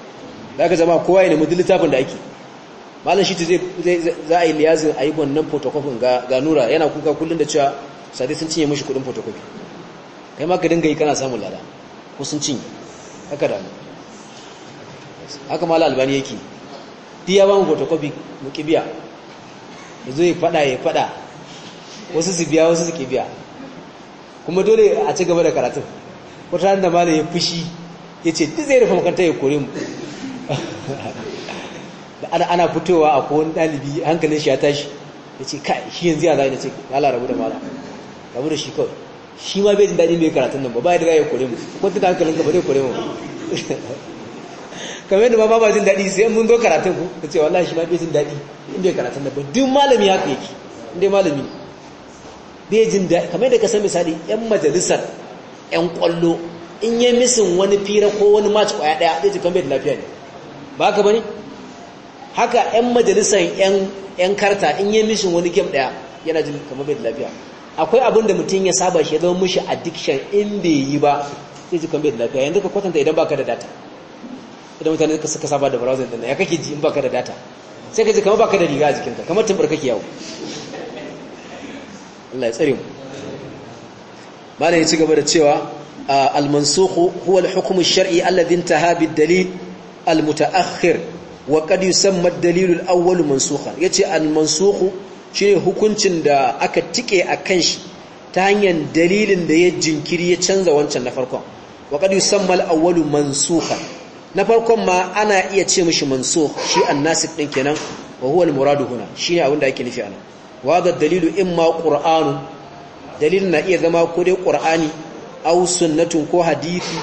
da zama kowa ya nemi littafin da ake malam shi zai za a yi liyazin a yi wannan photocopy ga nura yana kuka kullum da cewa sadai sun cinye mashi kudin photocopy kai ma ka dinga yi kana samun lada ko sun cinye haka da mu haka malam albani yake diya ba mu photocopy mu kibiya yanzu ya fada ya fada wasu su biya wasu su kibiya kuma dole a ci gaba da karatun wata da malam ya fushi ya ce duk zai rufe makarantar ya kore mu (laughs) da ana fitowa a kowane ɗalibi hankalin shi ya tashi ya ce kai shi yanzu ya zai da ce ala rabu da mala rabu da shi kawai shi ma bai jin mai bai karatun nan ba ba ya daga ya kore mu ko tuka hankalin ka ba zai kore mu (laughs) kamar yadda ba ba jin daɗi sai mun zo karatun ku ta ce wallahi shi ma bai jin daɗi in bai karatun nan ba duk malami fi yake in dai malami bai jin daɗi kamar yadda ka san misali yan majalisar yan kwallo in yi misin wani fira ko wani match kwaya ɗaya zai ce kan bai da lafiya ne ba ka ba ne haka 'yan majalisar 'yan karta in yi mishin wani game daya yana jin kamar bai da lafiya akwai abin da mutum ya saba shi ya zama mishi addiction in bai yi ba sai ji bai lafiya yanzu ka kwatanta idan baka da data idan mutane suka saba da browser din ya kake ji in baka da data sai ka ji kama baka da riga a jikinka kamar tumbar kake yawo Allah ya tsare mu malai ya ci gaba da cewa al mansukhu huwa al-hukm ash-shar'i alladhi intaha bid-dalil al-muta'akhkhir wa qad yusamma ad-dalil al-awwal mansukhan yace al-mansukhu shine hukuncin da aka tike akan shi ta hanyar dalilin da ya jinkiri ya canza wancan na farkon wa qad yusamma al-awwal na farkon ma ana iya ce mishi mansukh shi an-nasikh din kenan wa huwa al-muradu huna shine abin da ake nufi anan wa hadha ad-dalilu imma qur'anu dalilin na iya zama ko dai qur'ani aw sunnatun ko hadisi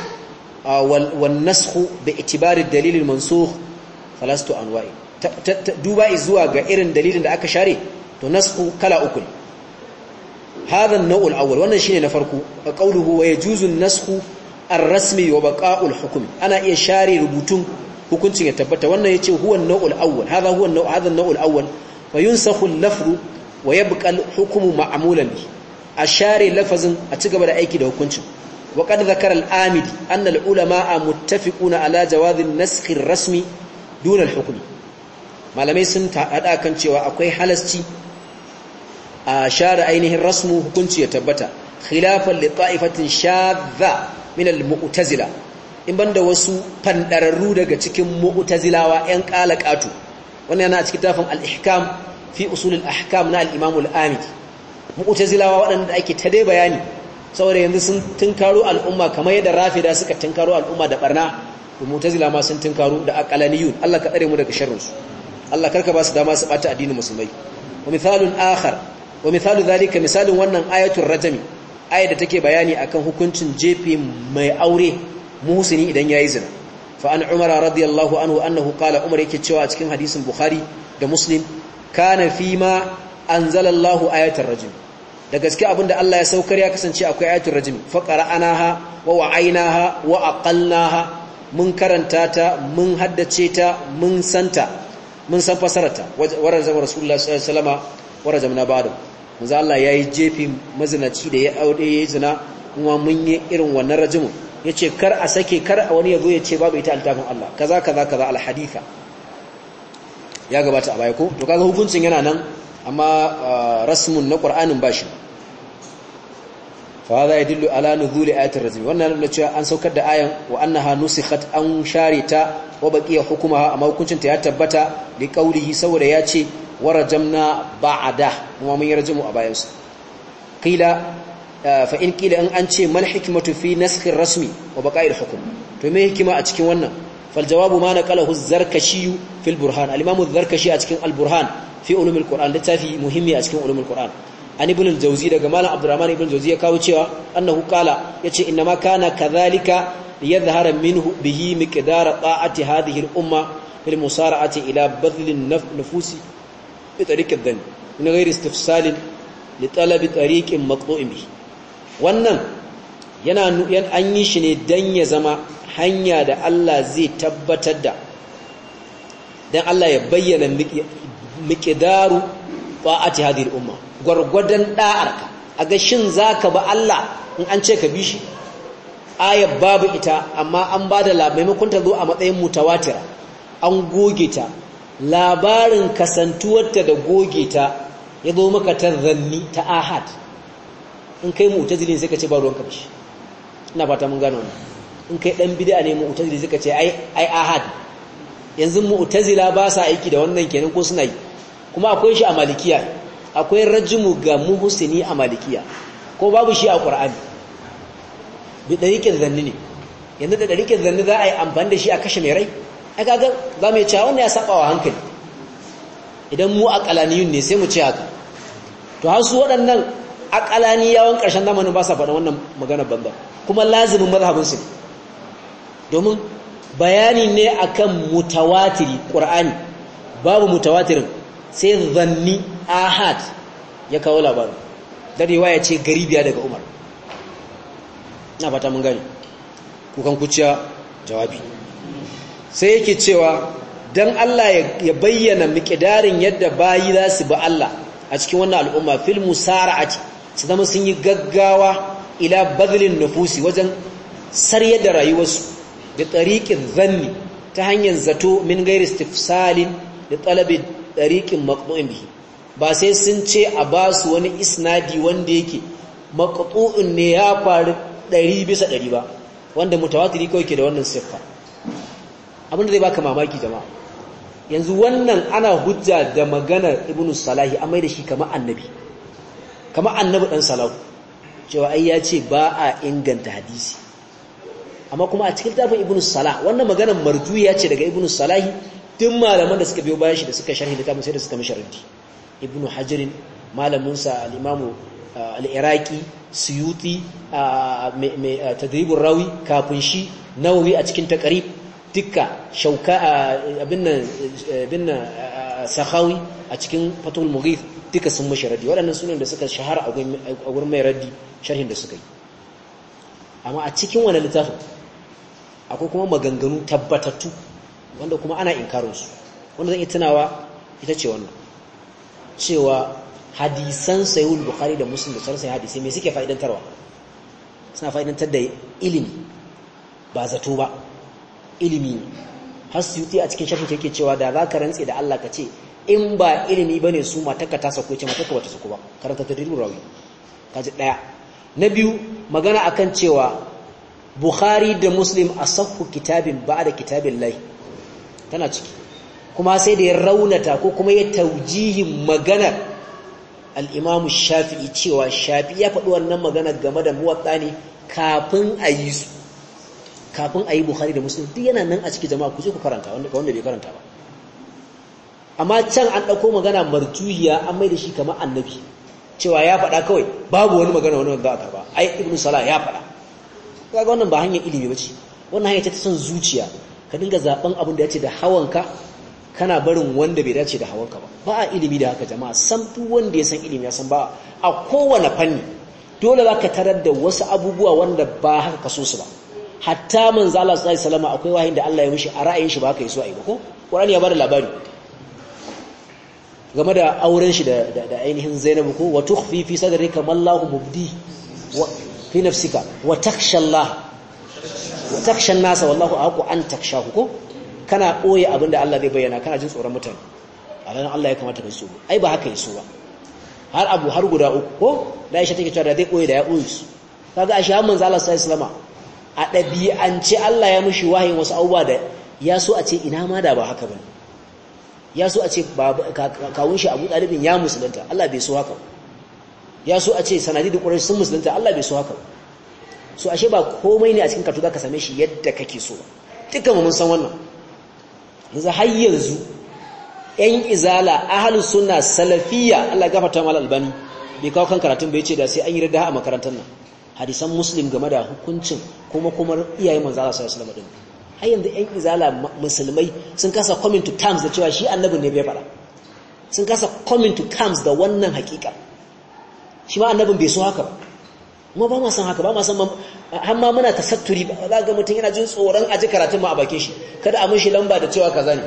wal nasakh bi itibari ad-dalil al-mansukh falastu anwa'i duba zuwa ga irin dalilin da aka share to nasku kala uku hadha an-naw'u al-awwal wannan shine na farko qawluhu wa yajuzu an-nasxu ar-rasmi wa baqa'u al-hukm ana iya share rubutun hukuncin ya tabbata wannan yace huwa an-naw'u al-awwal hadha huwa an-naw'u hadha an al-awwal fa yunsakhu al-lafzu wa yabqa al-hukmu ma'mulan bi a share lafazin a ci gaba da aiki da hukuncin وقد ذكر الآمدي أن العلماء متفقون على جواز النسخ الرسمي dunal hukumi malamai sun haɗa kan cewa akwai halasci a share ainihin rasmu hukunci ya tabbata khilafan li ta'ifatin shadha min al in banda wasu fandararru daga cikin mu'tazilawa ƴan qalaqatu wannan yana cikin tafin al-ihkam fi usul al-ahkam na al-imam al-amidi mu'tazilawa waɗanda ake ta dai bayani saboda yanzu sun tunkaro al'umma kamar yadda rafida suka tunkaro al'umma da barna to mu'tazila ma sun tunkaru da aqalaniyun Allah ka tsare mu daga sharrin su Allah karka ba su dama su bata addinin musulmai wa mithalun akhar wa mithalu dhalika misalin wannan ayatul rajmi ayat da take bayani akan hukuncin jefe mai aure muhsini idan yayi zina fa an umara radiyallahu anhu annahu qala umar yake cewa a cikin hadisin bukhari da muslim kana fi ma anzalallahu ayatul rajmi da gaske abinda Allah ya saukar ya kasance akwai ayatul rajmi fa qara'anaha wa wa'aynaha wa aqalnaha mun karanta ta mun haddace ta mun santa mun san ta wara zama rasulullah sallama warar zamana ba'da manzo Allah yayi jefi mazinaci da ya aure yayi zina kuma mun yi irin wannan rajimu yace kar a sake kar a wani yazo yace babu ita altafin Allah kaza kaza kaza haditha ya gabata a baya ko to kaga hukuncin yana nan amma ah, rasmun na Qur'anin bashi fa hadha yadullu ala nuzuli ayatir rajim wannan nuna cewa an saukar da ayan wa annaha nusikhat an share ta wa baqiya hukumaha amma hukuncin ta ya tabbata li qawlihi saboda ya ce warajamna ba'da kuma mun yarjumu a bayan su qila eh, fa in qila an an ce mal hikmatu fi naskhi rasmi wa baqa'il hukm to me hikima a cikin wannan فالجواب ما نقله الزركشي في البرهان a cikin أتكين البرهان في علوم القرآن muhimmi a cikin علوم kur'an. an ibn al-jawzi daga malam abdurrahman ibn jawzi ya kawo cewa annahu qala yace innama kana kadhalika liyadhhara minhu bihi miqdar ta'ati hadhihi al-umma bil musara'ati ila badl an-nufus bi tariq ad min istifsal li talab tariq maqtu'in wannan yana an yi shi ne dan ya zama hanya da Allah zai tabbatar da dan Allah ya bayyana miqdaru ta'ati hadhihi al-umma gwargwadon da'arka a ga shin ka ba Allah in an ce ka bi shi Ayab babu ita amma an ba da maimakon ta zo a matsayin mutawatira an goge ta labarin kasantuwarta da goge ta ya zo maka ta zanni ta ahad in kai mu'tazili sai ka ce ba ruwan kamshi ina fata mun gano wannan in kai ɗan bid'a ne mu'tazili sai ce ai ahad yanzu mu'tazila ba sa aiki da wannan kenan ko suna yi kuma akwai shi a malikiya akwai rajimu ga muhusini a malikiya ko babu shi a ƙur'ani bi ɗariƙin zanni ne yanzu da ɗariƙin zanni za a yi amfani da shi a kashe mai rai a gagar za mu cewa wanda ya saba wa hankali idan mu ƙalaniyun ne sai mu ce haka to har su waɗannan ƙalaniyawan ƙarshen zamanin ba sa faɗa wannan magana banda kuma lazimin mazhabinsu ne domin bayani ne akan mutawatiri ƙur'ani babu mutawatirin sai zanni ahad ya kawo labarin darewa ya ce gari biya daga umar na fata mun gani kukan kuciya jawabi sai yake cewa don Allah ya bayyana mikidarin yadda bayi za su ba Allah a cikin wannan al'umma fil musara'ati su zama sun yi gaggawa ila bazilin nufusi wajen sarye da rayuwarsu da tsarikin zanni ta hanyar zato min gairi tafsalin da talabi tsarikin maqmu'in bihi ba sai sun ce a ba su wani isnadi wanda yake maqtu'un ne ya faru ɗari bisa ɗari ba wanda mutawatiri kawai ke da wannan siffa abinda zai baka mamaki jama'a yanzu wannan ana hujja da maganar ibn salahi amai da shi kama annabi kama annabi dan salahu cewa ai ya ce ba a inganta hadisi amma kuma a cikin tafin ibn salah wannan maganar marjuya ce daga ibn salahi tun malaman da suka biyo bayan shi da suka sharhi da tafin sai da suka misharhi ibn hajarin malaminsa al'imamu uh, al'iraki suyuti a uh, uh, tadribin rawi kafin shi nawawi a cikin takarib dukka shauka abin sahawi a cikin fatul mughith duka sun mashi raddi waɗannan sunan da suka shahara a gurin mai raddi sharhin da suka yi amma a cikin wani littafin akwai kuma maganganu tabbatattu wanda kuma ana inkarinsu wanda zan yi tunawa ita ce wannan cewa hadisan sayyid bukhari da muslim da sauran hadisai me suke fa'idantarwa suna fa'idantar da ilimi ba zato ba ilimi ne har yi a cikin shafin yake cewa da za ka rantse da Allah ka ce in ba ilimi bane su matakka ta sako ce matakka wata sako ba karanta tadribul rawi kaji daya na biyu magana akan cewa bukhari da muslim asahhu kitabin da ba'da kitabillahi tana ciki kuma sai da ya raunata ko kuma ya taujihin maganar al’imam shafi'i cewa shafi'i ya faɗi wannan maganar game da muwaɗa ne kafin a yi su kafin a yi buhari da musulun duk yana nan a ciki jama'a ku ce ku karanta wanda bai karanta ba amma can an ɗauko magana martuhiya an mai da shi kama annabi cewa ya faɗa kawai babu wani magana wani wanda aka ba ai Ibn salah ya faɗa kaga wannan ba hanyar ilimi ce. wannan hanyar ce ta son zuciya ka dinga zaben abin da ya ce da hawanka kana barin wanda bai dace da hawanka ba ba a ilimi da haka jama'a san duk wanda ya san ilimi ya san ba a kowane fanni dole za ka tarar da wasu abubuwa wanda ba haka kaso su ba hatta manzo Allah sallallahu alaihi wasallam akwai wahayin da Allah ya mishi a ra'ayin shi ba haka yaso yi ba ko Qur'ani ya bada labari game da auren shi da da ainihin Zainab ko wa tukhfi fi sadrika ma Allahu mubdi wa fi nafsika wa takhsha Allah wa takhsha an-nasa wallahu aku an takhshahu ko kana ɓoye abin da Allah zai bayyana kana jin tsoron mutane a ranar Allah ya kamata ka tsoro. ai ba haka ya so ba har abu har guda uku ko da Aisha take cewa da zai ɓoye da ya ɓoye su kaga ashe har manzo Allah sai alaihi a ɗabi'ance Allah ya mushi wahayin wasu abubuwa da ya so a ce ina ma da ba haka ba ya so a ce kawun shi Abu Ɗalibin ya musulunta Allah bai so haka ya so a ce sanadi da Quraysh sun musulunta Allah bai so haka so ashe ba komai ne a cikin kartu zaka same shi yadda kake so dukkan mun san wannan yanzu har yanzu yan izala ahlus sunna salafiyya Allah gafarta mal albani bai kawo kan karatun bai ce da sai an yi radda a makarantar nan hadisan muslim game da hukuncin kuma kuma iyayen manzo Allah sallallahu alaihi wasallam har yanzu yan izala musulmai sun kasa coming to terms da cewa shi annabi ne bai fara sun kasa coming to terms da wannan hakika shi ma annabin bai so haka ba kuma ba ma san haka ba ma san har ma muna tasatturi ba za ga mutum yana jin tsoron ji karatun ma a bakin shi kada a mushi lamba da cewa kaza ne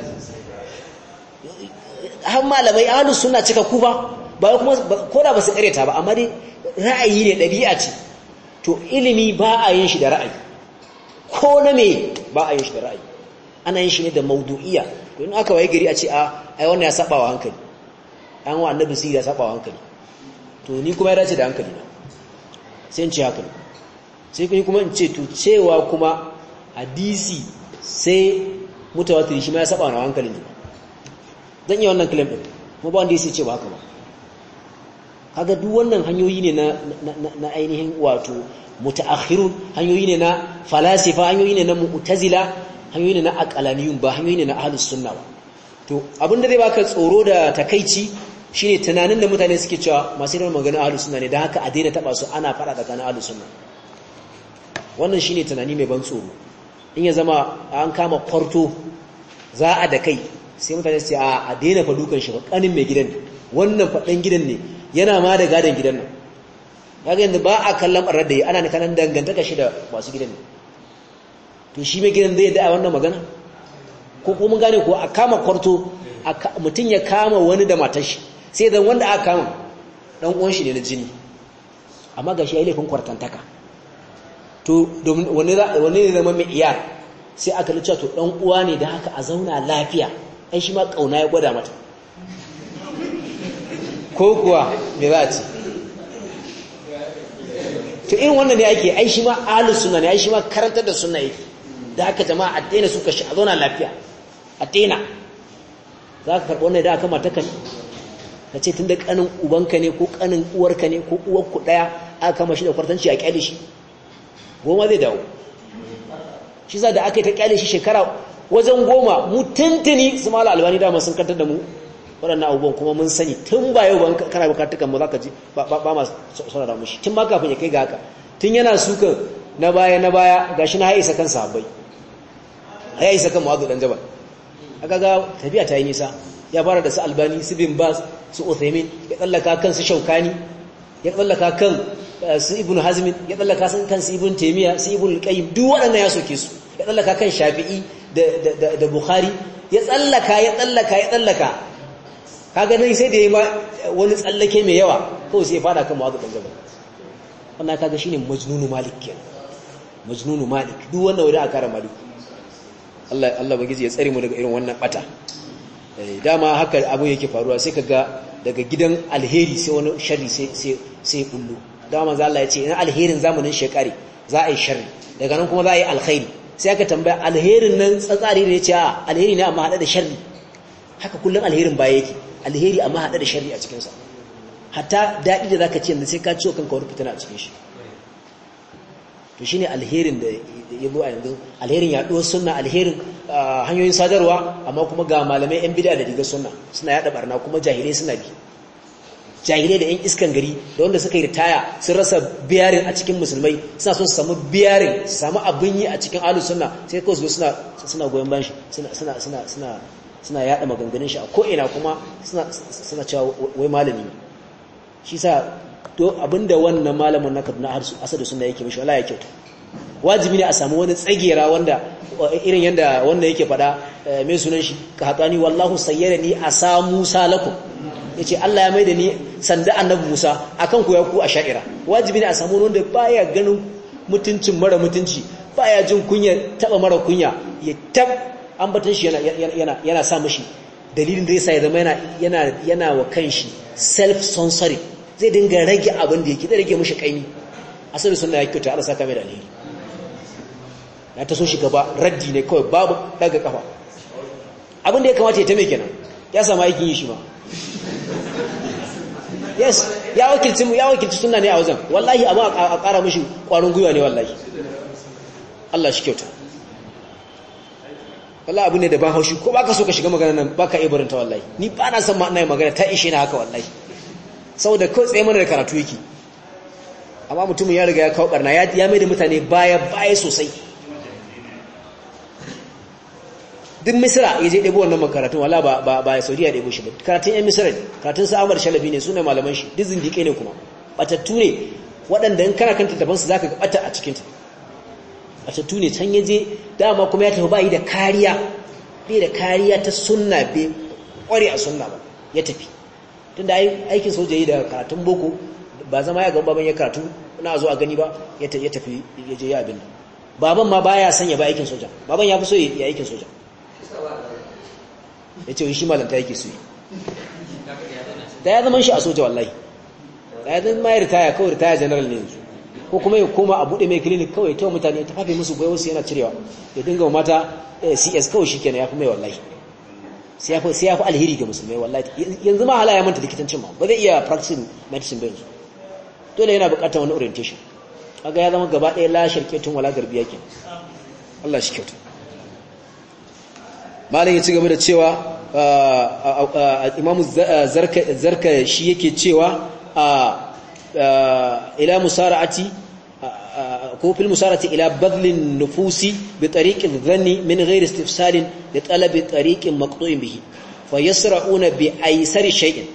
har malamai alu suna cika ku ba ba kuma ko da ba su kareta ba amma dai ra'ayi ne dabi'a ce to ilimi ba a yin shi da ra'ayi ko na me ba a yin shi da ra'ayi ana yin shi ne da maudu'iya to in aka waye gari a ce a ah, ai wannan ya saba wa hankali an wa annabi sai ya saba wa hankali to ni kuma ya dace da hankali na sai in ce haka sai kai kuma in ce to cewa kuma hadisi sai mutawatir shi ma ya saba na hankalin ne zan yi wannan claim din kuma ba wanda ya ce ba haka ba kaga duk wannan hanyoyi ne na na ainihin wato mutaakhirun hanyoyi ne na falasifa hanyoyi ne na mu'tazila hanyoyi ne na aqalaniyun ba hanyoyi ne na ahlus sunna ba to abinda zai baka tsoro da takaici. shine tunanin da mutane suke cewa masu yi magana ahlus sunna ne da haka a daina taba su ana fada tsakanin ahlus sunna wannan shine tunani mai ban tsoro in ya zama an kama kwarto za a da kai sai mutane su ce a daina fadukan shi kanin mai gidan wannan fadan gidan ne yana ma da gadon gidan nan kaga yadda ba a kallon barar da yi ana ne kanan dangantaka shi da masu gidan ne to shi mai gidan zai a wannan magana ko kuma gane ko a kama kwarto mutum ya kama wani da matar shi sai zan wanda aka kama dan uwan shi ne na jini amma gashi yi laifin kwartantaka to domin wani ne zama mai iyar sai aka lura to dan uwa ne da haka a zauna lafiya ai shi ma ƙauna ya gwada mata ko kuwa me za a ci? to in wannan ne ake ai shi ma alis suna ne ai shi ma karantar da suna yake da haka jama'a a daina suka shi a zauna lafiya a daina za ka karɓi wannan da aka mata kan ka ce tun da kanin ubanka ne ko kanin uwarka ne ko uwarku daya aka kama shi da kwartanci a kyale shi goma zai dawo shi za da aka yi ta kyale shi shekara wajen goma mu tuntuni su mala albani dama sun kantar da mu waɗannan abubuwan kuma mun sani tun ba yau ban kana bukatukan mu za ka ji ba ma saurara mushi tun ba kafin ya kai ga haka tun yana sukan na baya na baya shi na isa kan sahabbai isa kan ɗan dan jabal aka ga tafiya ta yi nisa ya fara da su albani su bin bas su uthaymin ya tsallaka kan su shaukani ya tsallaka kan eh, su ibn hazmin ya tsallaka kan su ibn taymiya su ibn qayyim duk waɗannan ya soke su ya tsallaka kan shafi'i da bukhari ya tsallaka ya tsallaka ya tsallaka kaga nan sai da yayi wani tsallake mai yawa kawai sai ya fada kan mu'adh ɗan jabal wannan kaga shine majnunu malik kenan majnunu malik duk wannan wanda aka kara malik Allah Allah bagiji ya tsare mu daga irin wannan bata Eh, dama haka abu yake faruwa sai kaga daga gidan alheri sai wani shari sai kullu dama za Allah ya ce in alherin zamanin shekari za a yi sharri daga nan kuma za a yi alheri sai aka tambaya alherin nan tsatsari ne ce a alheri ne amma hada da sharri haka kullun alherin baya yake alheri amma hada da sharri a cikin sa hatta dadi da zaka ce yanzu sai ka ciwo kanka wani fitina a cikin shi to shine alherin da ya zo a yanzu alherin yaɗuwar sunna alherin hanyoyin sadarwa amma kuma ga malamai yan bid'a da rigar sunna suna yaɗa barna kuma jahilai suna bi jahilai da yan iskan gari da wanda suka yi ritaya sun rasa biyarin a cikin musulmai suna son su samu biyarin samu abin yi a cikin alu sunna sai kawai suna goyon ban shi suna suna suna yaɗa maganganun shi a koina kuma suna suna cewa wai malami shi sa to abinda wannan malamin na Kaduna Asadu suna yake mishi wala ya kyauta wajibi ne a samu wani tsagera wanda eh, irin yanda wanda yake fada eh, mai sunan shi ka hatani wallahu a sa Musa lakum yace Allah ya maida ni sanda annabi Musa akan ku ya ku sha'ira. wajibi ne a samu wanda ba ya ganin mutuncin mara mutunci ba ya jin kunya taba mara kunya ya tab ambatan shi yana sa mashi dalilin da ya sa ya zama yana wa kan shi self censoring zai dinga rage abin da yake da rage mishi kaimi asali suna ya kyauta Allah saka mai da alheri na ta so shi gaba raddi ne kawai babu daga kafa abin da ya kamata ya ta mai kenan ya sami aikin yi shi ba yes ya wakilci mu ya wakilci ne a wajen wallahi amma a ƙara mashi kwarin gwiwa ne wallahi Allah shi kyauta wallahi abu ne da ban haushi ko ba ka so ka shiga magana nan ba ka iya barinta wallahi ni ba na son ma yi magana ta ishe na haka wallahi saboda kawai tsaye mana da karatu yake amma mutumin ya riga ya kawo barna ya mai da mutane baya baya sosai duk misira ya je ɗabi wannan makaratun wala ba ba ya saudiya shi ba karatun yan misira ne karatun sa da shalabi ne suna malaman shi duk zindiƙe ne kuma batattu ne waɗanda in kana kan tattafansu za ka ɓata a cikinta batattu ne can ya je dama kuma ya tafi ba yi da kariya bai da kariya ta sunna bai ƙware a sunna ba ya tafi tunda aikin soja yi da karatun boko ba zama ya gaba ban ya karatu na zo a gani ba ya tafi ya je ya abinda baban ma baya ya sanya ba aikin soja baban ya fi so ya aikin soja ya ce shi malanta yake so da ya zama shi a soja wallahi da ya zama ya ritaya kawai ritaya general ne yanzu ko kuma ya koma a buɗe mai clinic kawai ta mutane ta fafe musu bai wasu yana cirewa ya dinga mata eh, cs kawai shi kenan ya fi mai wallahi sai ya fi alheri ga musulmai wallahi yanzu ma halaya manta likitancin ma ba zai iya practicing medicine ba yanzu dole yana bukatar wani orientation kaga ya zama gaba ɗaya la ketun wala garbiya ke Allah shi kyautu malin ya ci gaba da cewa imamu zarka shi yake cewa ila musara'ati ko fil musarati ila badlin nufusi bi tariqin dhanni min ghairi istifsalin li talabi tariqin maqtu'in bihi fa yasra'una bi aysari shay'in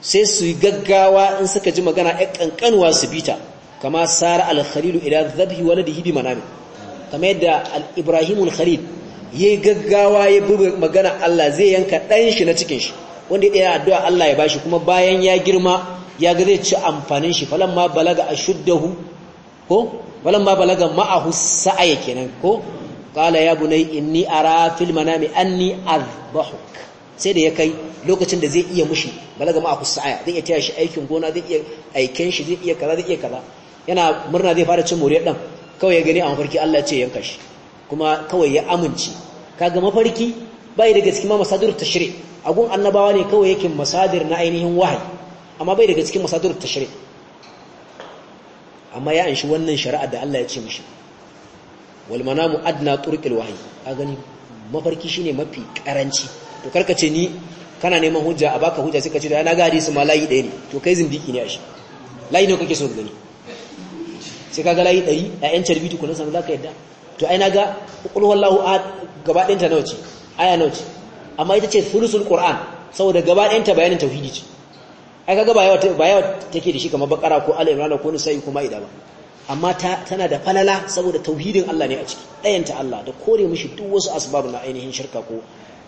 sai su gaggawa in suka ji magana ya kankanwa su bita kama sara al-khalil ila dhabhi waladihi bi manami kama yadda al-ibrahim al-khalil yayi gaggawa ya bi magana Allah zai yanka dan shi na cikin shi wanda ya addu'a Allah ya bashi kuma bayan ya girma ya ga zai ci amfanin shi falamma balaga ashuddahu ko walamma balaga ma'ahu sa'aya kenan ko qala ya bunay inni ara fil manami anni azbahuk sai da ya kai lokacin da zai iya mushi balaga ma'ahu sa'aya zai iya taya shi aikin gona zai iya aikin shi zai iya kaza zai iya kaza yana murna zai fara cin moriyar dan kawai ya gani a mafarki Allah ya ce yanka shi kuma kawai ya amince kaga mafarki bai daga cikin masadir tashri agun annabawa ne kawai yake masadir na ainihin wahayi amma bai daga cikin masadir tashri' amma ya anshi wannan shari'a da Allah ya ce mishi wal manamu adna turqil wahyi a gani mafarki shine mafi karanci to ce ni kana neman hujja a baka hujja suka ce da na ga hadisi malayi layi ɗaya ne to kai zindiki ne a shi layi ne kake so gani sai kaga layi ɗari a yan carbi kuna samu za ka yadda to ai na ga ƙulhuwar a gaba ɗinta nawa ce aya nawa ce amma ita ce sulusul qur'an saboda gaba ɗinta bayanin tauhidi ce ai kaga ba yawa ba yawa take da shi kamar bakara ko ali imran ko nisa'i ko maida ba amma ta tana da falala saboda tauhidin Allah ne a ciki dayanta Allah da kore mishi duk wasu asbabu na ainihin shirka ko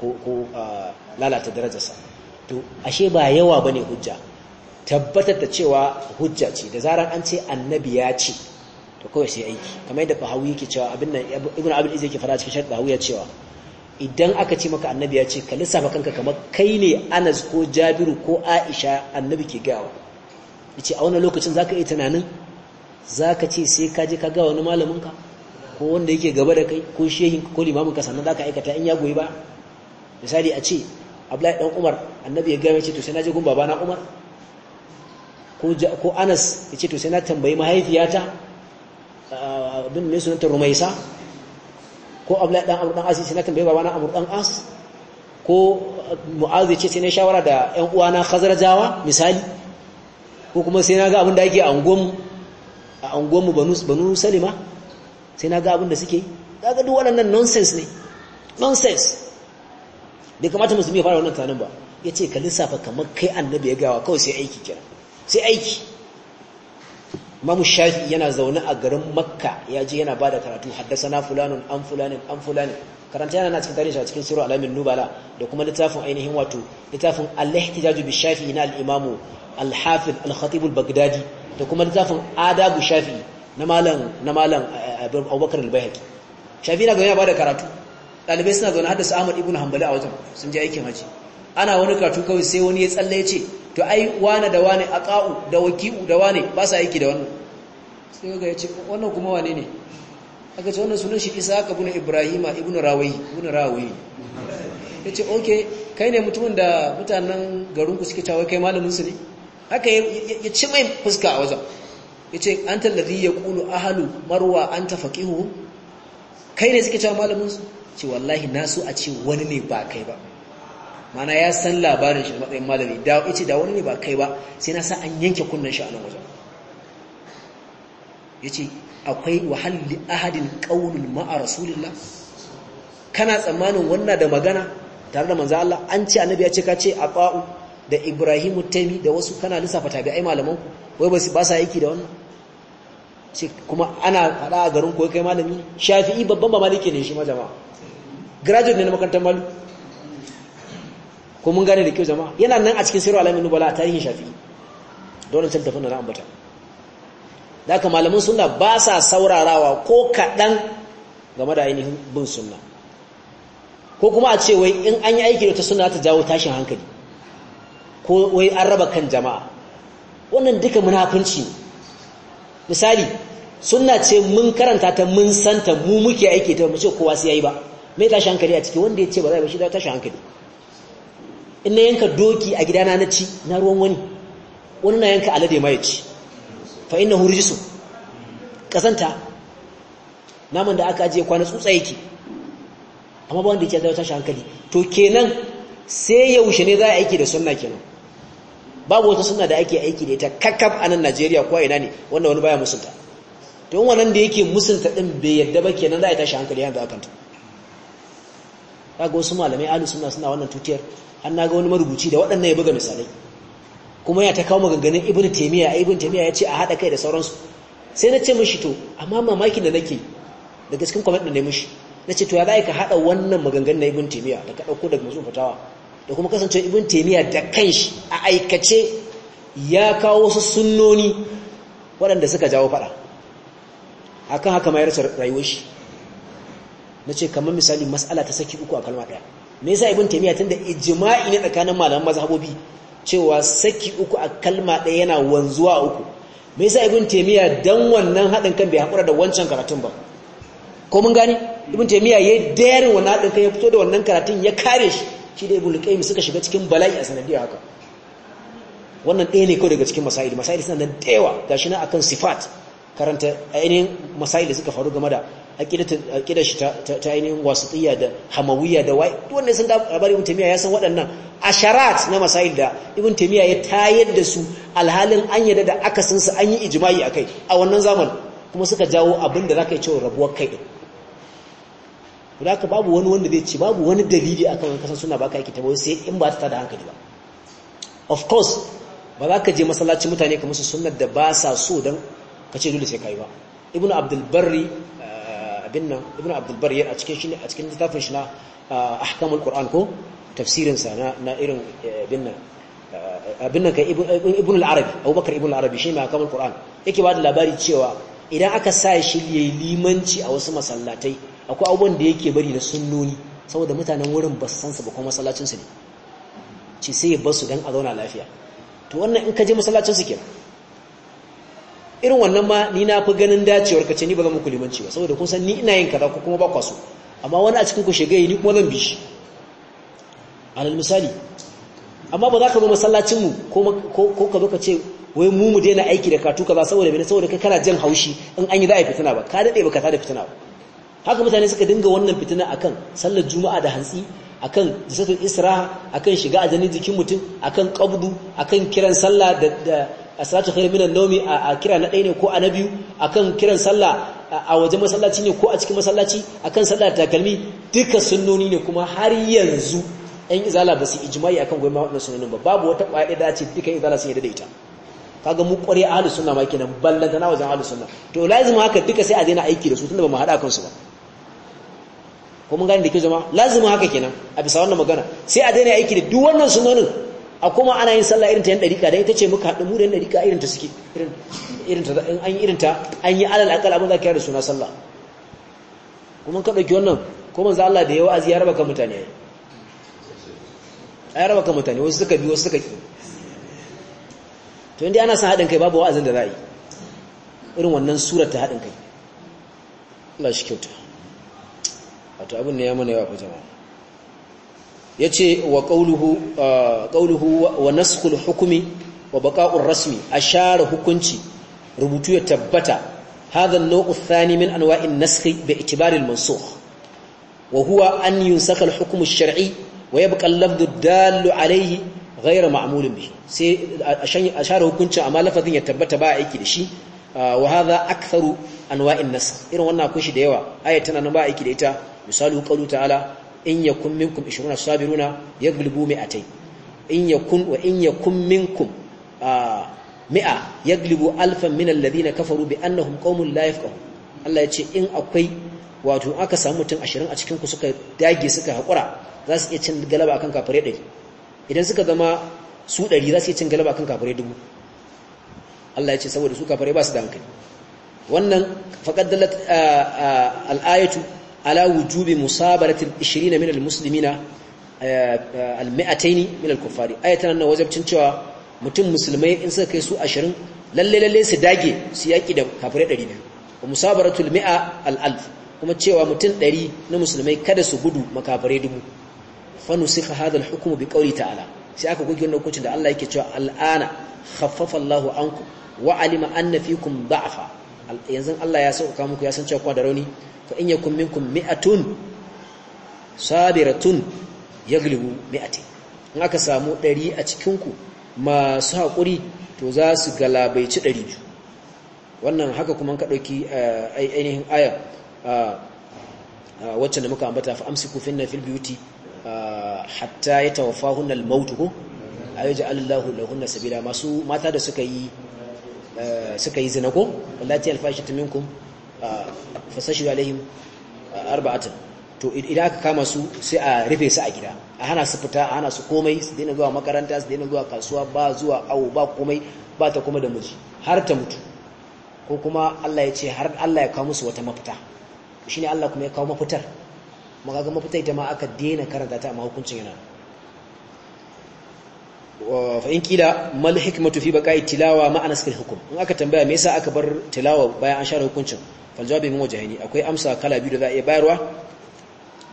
ko lalata darajarsa to ashe ba yawa bane hujja tabbatar da cewa hujja ce da zarar an ce annabi ya ce to kawai sai aiki kamar yadda fahawi yake cewa abin nan ibnu abdul aziz yake fara cikin sharh da ya cewa idan aka ce maka annabi ya ce ka lissafa kanka kamar kai ne anas ko jabiru ko aisha annabi ke gawa ya ce a wani lokacin za ka yi tunanin za ka ce sai ka je ka gawa wani malaminka ko wanda yake gaba da kai ko shehin ko limaminka sannan za ka aikata in ya goyi ba misali a ce abdullahi dan umar annabi ya gaya ce to sai na je gun babana umar ko anas ya ce to sai na tambayi mahaifiyata abin ne sunanta rumaisa ko abdullahi dan ɗan asisi na tambaye babana amurdan asis ko mu'az ya ce sai na shawara da ƴan uwana khazrajawa misali ko kuma sai na ga abin da yake a unguwanmu a unguwanmu banu banu salima sai na ga abin da suke kaga duk waɗannan nonsense ne nonsense da kamata musulmi ya fara wannan tunanin ba yace ka lissafa kamar kai annabi ya gawa kawai sai aiki kira sai aiki imamu shafi yana zaune a garin makka ya je yana bada karatu haddasana fulanun an fulanin an fulanin karanta yana cikin tarihi a cikin suru alamin nubala da kuma littafin ainihin wato littafin al-ihtijaju bi shafi na al-imamu al-hafiz al-khatib al-baghdadi da kuma littafin adabu shafi na malam na malam eh, abubakar al-bayhaqi shafi na ga yana bada karatu dalibai suna zaune haddasa ahmad ibn hanbali a wajen sun je aikin haji ana wani karatu kawai sai wani ya tsalle ya ce to ai wane da wane aqa'u da waki'u da wane ba sa aiki da wannan sai ga ce wannan kuma wane ne aka ce wannan sunan shi Isaac ibn Ibrahim ibn Rawayi ibn Rawayi yace okay kai ne mutumin da mutanen garin ku suke cewa kai malamin su ne haka ya ci mai fuska a wajen yace anta alladhi yaqulu ahlu marwa anta faqihu kai ne suke cewa malamin su ce wallahi nasu a ce wani ne ba kai ba mana ya san labarin shi matsayin malami da ce da wani ne ba kai ba sai na sa an yanke kunnen shi a nan wajen yace akwai wahal ahadin qaulun ma'a rasulillah kana tsammanin wannan da magana tare da manzo Allah an ce annabi ya ce ka ce aqa'u da Ibrahim Taimi da wasu kana lissafa ai malaman ku wai ba su ba sa aiki da wannan ce kuma ana fada a garin ko kai malami Shafi'i babban ba maliki ne shi ma jama'a graduate ne na makarantar malami ko mun gane da kyau jama'a yana nan a cikin sirru alamin nubala a tarihin shafi'i dole can tafi na ambata da ka malaman sunna ba sa saurarawa ko kaɗan game da ainihin bin sunna ko kuma a ce wai in an yi aiki da ta sunna ta jawo tashin hankali ko wai an raba kan jama'a wannan duka munafunci misali sunna ce mun karanta ta mun santa mu muke aiki ta mu ce kowa sai yayi ba mai tashin hankali a ciki wanda ya ce ba za a yi ba shi da tashin hankali in na yanka doki a gidana na ci na ruwan wani wani na yanka alade ma ya ci fa inna hu rijisu kasanta naman da aka ajiye kwana tsutsa yake amma ba wanda yake zai tashi hankali to kenan sai yaushe ne za a aiki da sunna kenan babu wata sunna da ake aiki da ita kakkab a nan Najeriya ko ina ne wanda wani baya musunta to wannan da yake musunta din bai yadda ba kenan za a tashi hankali yanzu akanta kaga wasu malamai ahlus sunna suna wannan tutiyar an ga wani marubuci da waɗannan ya buga misalai kuma ya ta kawo maganganun ibnu taymiya ibnu taymiya ya ce a hada kai da sauransu sai na ce mishi to amma mamakin da nake daga cikin comment da na mishi nace to ya za ka hada wannan maganganun na ibnu taymiya da ka dauko daga musu fatawa da kuma kasance ibnu taymiya da kanshi a aikace ya kawo wasu sunnoni waɗanda suka jawo fada akan haka mayar rayuwar shi na ce kamar misali mas'ala ta saki uku a kalma daya me yasa ibn taymiya tunda ijma'i ne tsakanin malaman mazhabobi cewa saki uku a kalma daya yana wanzuwa uku me yasa ibn taymiya dan wannan hadin kan bai hakura da wancan karatun ba ko mun gani ibn taymiya yayi darin wannan hadin kan ya fito da wannan karatun ya kare shi shi da ibn qayyim suka shiga cikin bala'i a sanadiyar haka wannan ɗaya ne kawai daga cikin masail masail suna nan da yawa gashi na akan sifat karanta ainihin masail da suka faru game da aqidar shi ta ainihin wasitiyya da hamawiyya da wai wanda sun ga labarin ibn taymiya ya san waɗannan asharat na masail da ibn taymiya ya tayar da su alhalin an yadda da akasin su an yi ijma'i akai a wannan zaman kuma suka jawo abin da zaka yi cewa rabuwar kai din haka babu wani wanda zai ci babu wani dalili akan wani kasan suna baka yake tabo sai in ba ta da hankali ba of course ba za ka je masallaci mutane ka su sunnar da ba sa so don ka ce dole sai yi ba ibn abdul barri abin nan ibn abdulbar yana a cikin shi a cikin littafin shi na ahkamul qur'an ko tafsirin sa na na irin eh, abin nan eh, abin nan kai eh, ibn al-arabi abubakar ibn al-arabi shi mai ahkamul qur'an yake ba da labari cewa idan aka sa shi yayi limanci a wasu masallatai akwai abubuwan da yake bari na sunnoni saboda mutanen wurin ba su san su ba kuma masallacin su ne ce sai ya bar dan a zauna lafiya to wannan in ka je masallacin su kenan irin wannan ma ni na fi ganin dacewar kace ni ba zan muku limanci ba saboda kun san ni ina yin kaza ko kuma ba kwaso amma wani a cikin ku shiga yi ni kuma zan bi shi alal misali amma ba za ka zo masallacin mu ko ka zo ka ce wai mu mu daina aiki da katu kaza saboda mene saboda kai kana jin haushi in an yi za a yi fitina ba ka dade ba ka tada fitina ba haka mutane suka dinga wannan fitina akan sallar juma'a da hantsi akan jisatul isra akan shiga ajanin jikin mutum akan kabdu akan kiran sallah da asalatu khairu minan nawmi a kira na ɗaya ne ko a na biyu akan kiran sallah a wajen masallaci ne ko a cikin masallaci akan sallah takalmi duka sunnoni ne kuma har yanzu ɗan izala ba su ijma'i akan goma waɗannan sunnonin ba babu wata ƙwaɗe da ce duka izala sun yi da ita kaga mu ƙware ahlus sunna ma kenan ballanta na wajen ahlus sunna to lazima haka duka sai a daina aiki da su tunda ba mu haɗa kansu ba ko mun gane da ke zama lazima haka kenan a bisa wannan magana sai a daina aiki da duk wannan sunnonin a kuma ana yin sallah irinta yan dariƙa da ita ce muka haɗu mu da yan dariƙa irinta suke irinta in an yi irinta an yi alal akal abin da ka yi da suna sallah kuma ka ɗauki wannan ko manzo Allah da yawa wa'azi ya raba kan mutane ai ai raba kan mutane wasu suka bi wasu suka ki to indai ana son haɗin kai babu wa'azin da za a yi irin wannan surar ta haɗin kai Allah shi kyauta wato abin ne ya mana yawa fa jama'a yace wa qawluhu uh, qawluhu wa naskhul hukmi wa baqa'ur rasmi ashara hukunci rubutu ya tabbata hadha an-naw'u min anwa'in naskhi bi itibari al-mansukh wa huwa an yunsakha al-hukm ash-shar'i wa yabqa al-lafdhu ad-dallu alayhi ghayra ma'mulin bihi sai ashara hukunci amma lafazin ya tabbata ba aiki da shi uh, wa hadha aktharu anwa'in nasakh irin wannan akwai shi da yawa ayatan nan ba aiki da ita misalu qawlu ta'ala in yakun minkum 20 sabiruna yaglubu mi'atai in yakun wa in yakun minkum mi'a yaglubu alfan min alladhina kafaru bi annahum qaumun la yafqahu Allah ya ce in akwai wato aka samu mutum 20 a cikin ku suka dage suka hakura za su iya cin galaba akan kafare dai idan suka zama su ɗari za su iya cin galaba akan kafare dubu Allah ya ce saboda su kafare ba su da hankali wannan faqad dalat al-ayatu ala wujubi musabaratil 20 min almuslimina almi'ataini min alkuffari ayatan nan wajibcin cewa mutum musulmai in suka kai su 20 lalle lalle su dage su yaki da kafirai 200 wa musabaratul mi'a al'alf kuma cewa mutum ɗari na musulmai kada su gudu makafirai dubu fa nusikha hadha alhukmu biqawli ta'ala sai aka goge wannan hukuncin da Allah yake cewa al'ana khaffafa Allahu ankum wa alima anna yanzu Allah ya sauka muku ya san cewa da rauni fa in yakum minkum mi'atun sabiratun yaglibu mi'ati in aka samu 100 a cikin ku masu hakuri to za su galabaici 200 wannan haka kuma ka dauki eh, ainihin aya eh, wacce da muka ambata fa amsiku finna fil biyuti eh, hatta yatawaffahunal mautu ko ayyaja'allahu lahunna sabila masu mata da suka yi Eh, suka yi zina ko wallati alfashit minkum fasashu alaihim arba'atan to idan aka kama su sai a rufe su a gida a hana su fita a hana su komai su daina zuwa makaranta su daina zuwa kasuwa ba zuwa awo ba komai ba ta kuma da miji har ta mutu ko kuma Allah ya ce har Allah ya kawo musu wata mafita shine Allah kuma ya kawo mafitar maka ga mafita ita ma aka daina karanta ta amma hukuncin yana Fa'in kila mal hikmatu fi baqa'i tilawa ma anas hukum in aka tambaya me yasa aka bar tilawa bayan an share hukuncin faljawa bai min wajhaini akwai amsa kala biyu da za a iya bayarwa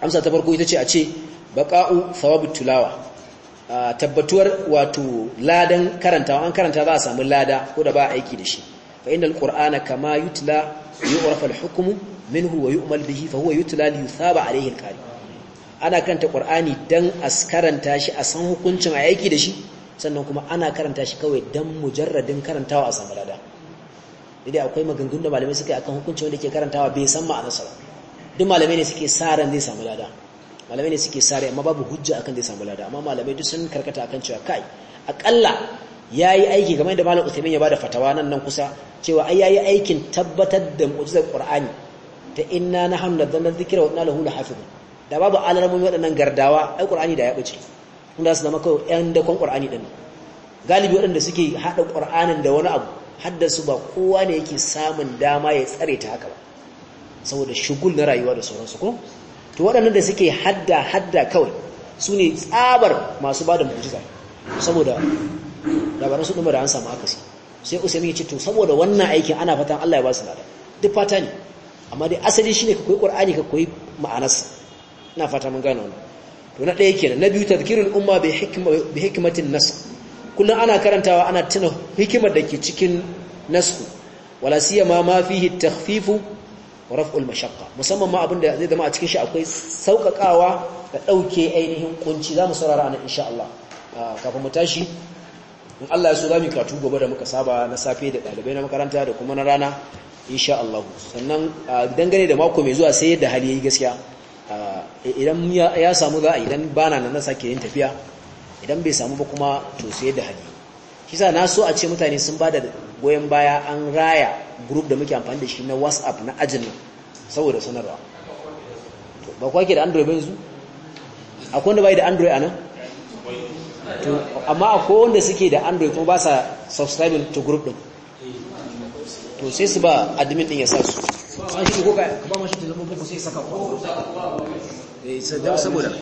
amsa ta farko ita ce a ce baƙa’u sababu tilawa tabbatuwar wato ladan karanta an karanta za a samu lada ko da ba aiki da shi fa’in innal ƙurana kama yutla hukumu min huwa yi umar da bihi fa huwa yutla li saba a al ana kanta qur'ani dan karanta shi a san hukuncin a aiki da shi sannan kuma ana karanta shi kawai dan mujarradin karantawa a samu lada idan akwai maganganun da malamai suka yi akan hukunci wanda ke karantawa bai san ma'anarsa ba duk malamai ne suke sa ran zai samu lada malamai ne suke sa rai amma babu hujja akan zai samu lada amma malamai duk sun karkata akan cewa kai akalla yi aiki game da malam usaimin ya bada fatawa nan nan kusa cewa ai yayi aikin tabbatar da mu'jizar Qur'ani ta inna nahnu nazzalna dhikra wa inna lahu lahafizun da babu alarmomi waɗannan gardawa ai Qur'ani da ya ɓace. inda su zama kawai yan dakon qur'ani ɗin galibi waɗanda suke haɗa qur'anin da wani abu haddasu ba kowa ne yake samun dama ya tsare ta haka ba saboda shugul na rayuwa da sauransu ko to waɗannan da suke hadda hadda kawai su ne tsabar masu ba da mujiza saboda labaran su ɗumar da an samu akasi sai usaimu ya ce to saboda wannan aikin ana fatan allah ya ba su lada duk fata ne amma dai asali shine ka koyi ƙwar'ani ka koyi ma'anarsa ina fata mun gane wannan to na ɗaya kenan na biyu tadhkirul umma bi hikmatin kullum ana karantawa ana tuna hikimar da ke cikin nasu wala siyama ma fihi takhfifu wa raf'ul mashaqqa musamman ma abinda zai zama a cikin shi akwai saukakawa da dauke ainihin kunci zamu saurara anan insha Allah ah, kafin mu tashi in Allah ya so zamu karatu gobe da muka saba na safe da dalibai na makaranta da kuma na rana insha Allah sannan ah, dangane da mako mai zuwa sai yadda hali yayi gaskiya idan ya samu za a idan na nan na sake yin tafiya idan bai samu ba kuma to sai da hali shi sa na so a ce mutane sun ba da goyon baya an raya group da muke amfani da shi na whatsapp na ajin nan saboda sanarwa ba kwa ke da android ba yanzu akwai wanda bai da android a nan amma akwai wanda suke da android kuma ba sa subscribing to group din to sai su ba admin din ya sa su ba ma shi ko ka kuma ma shi ta zama boko sai saka ko eh saboda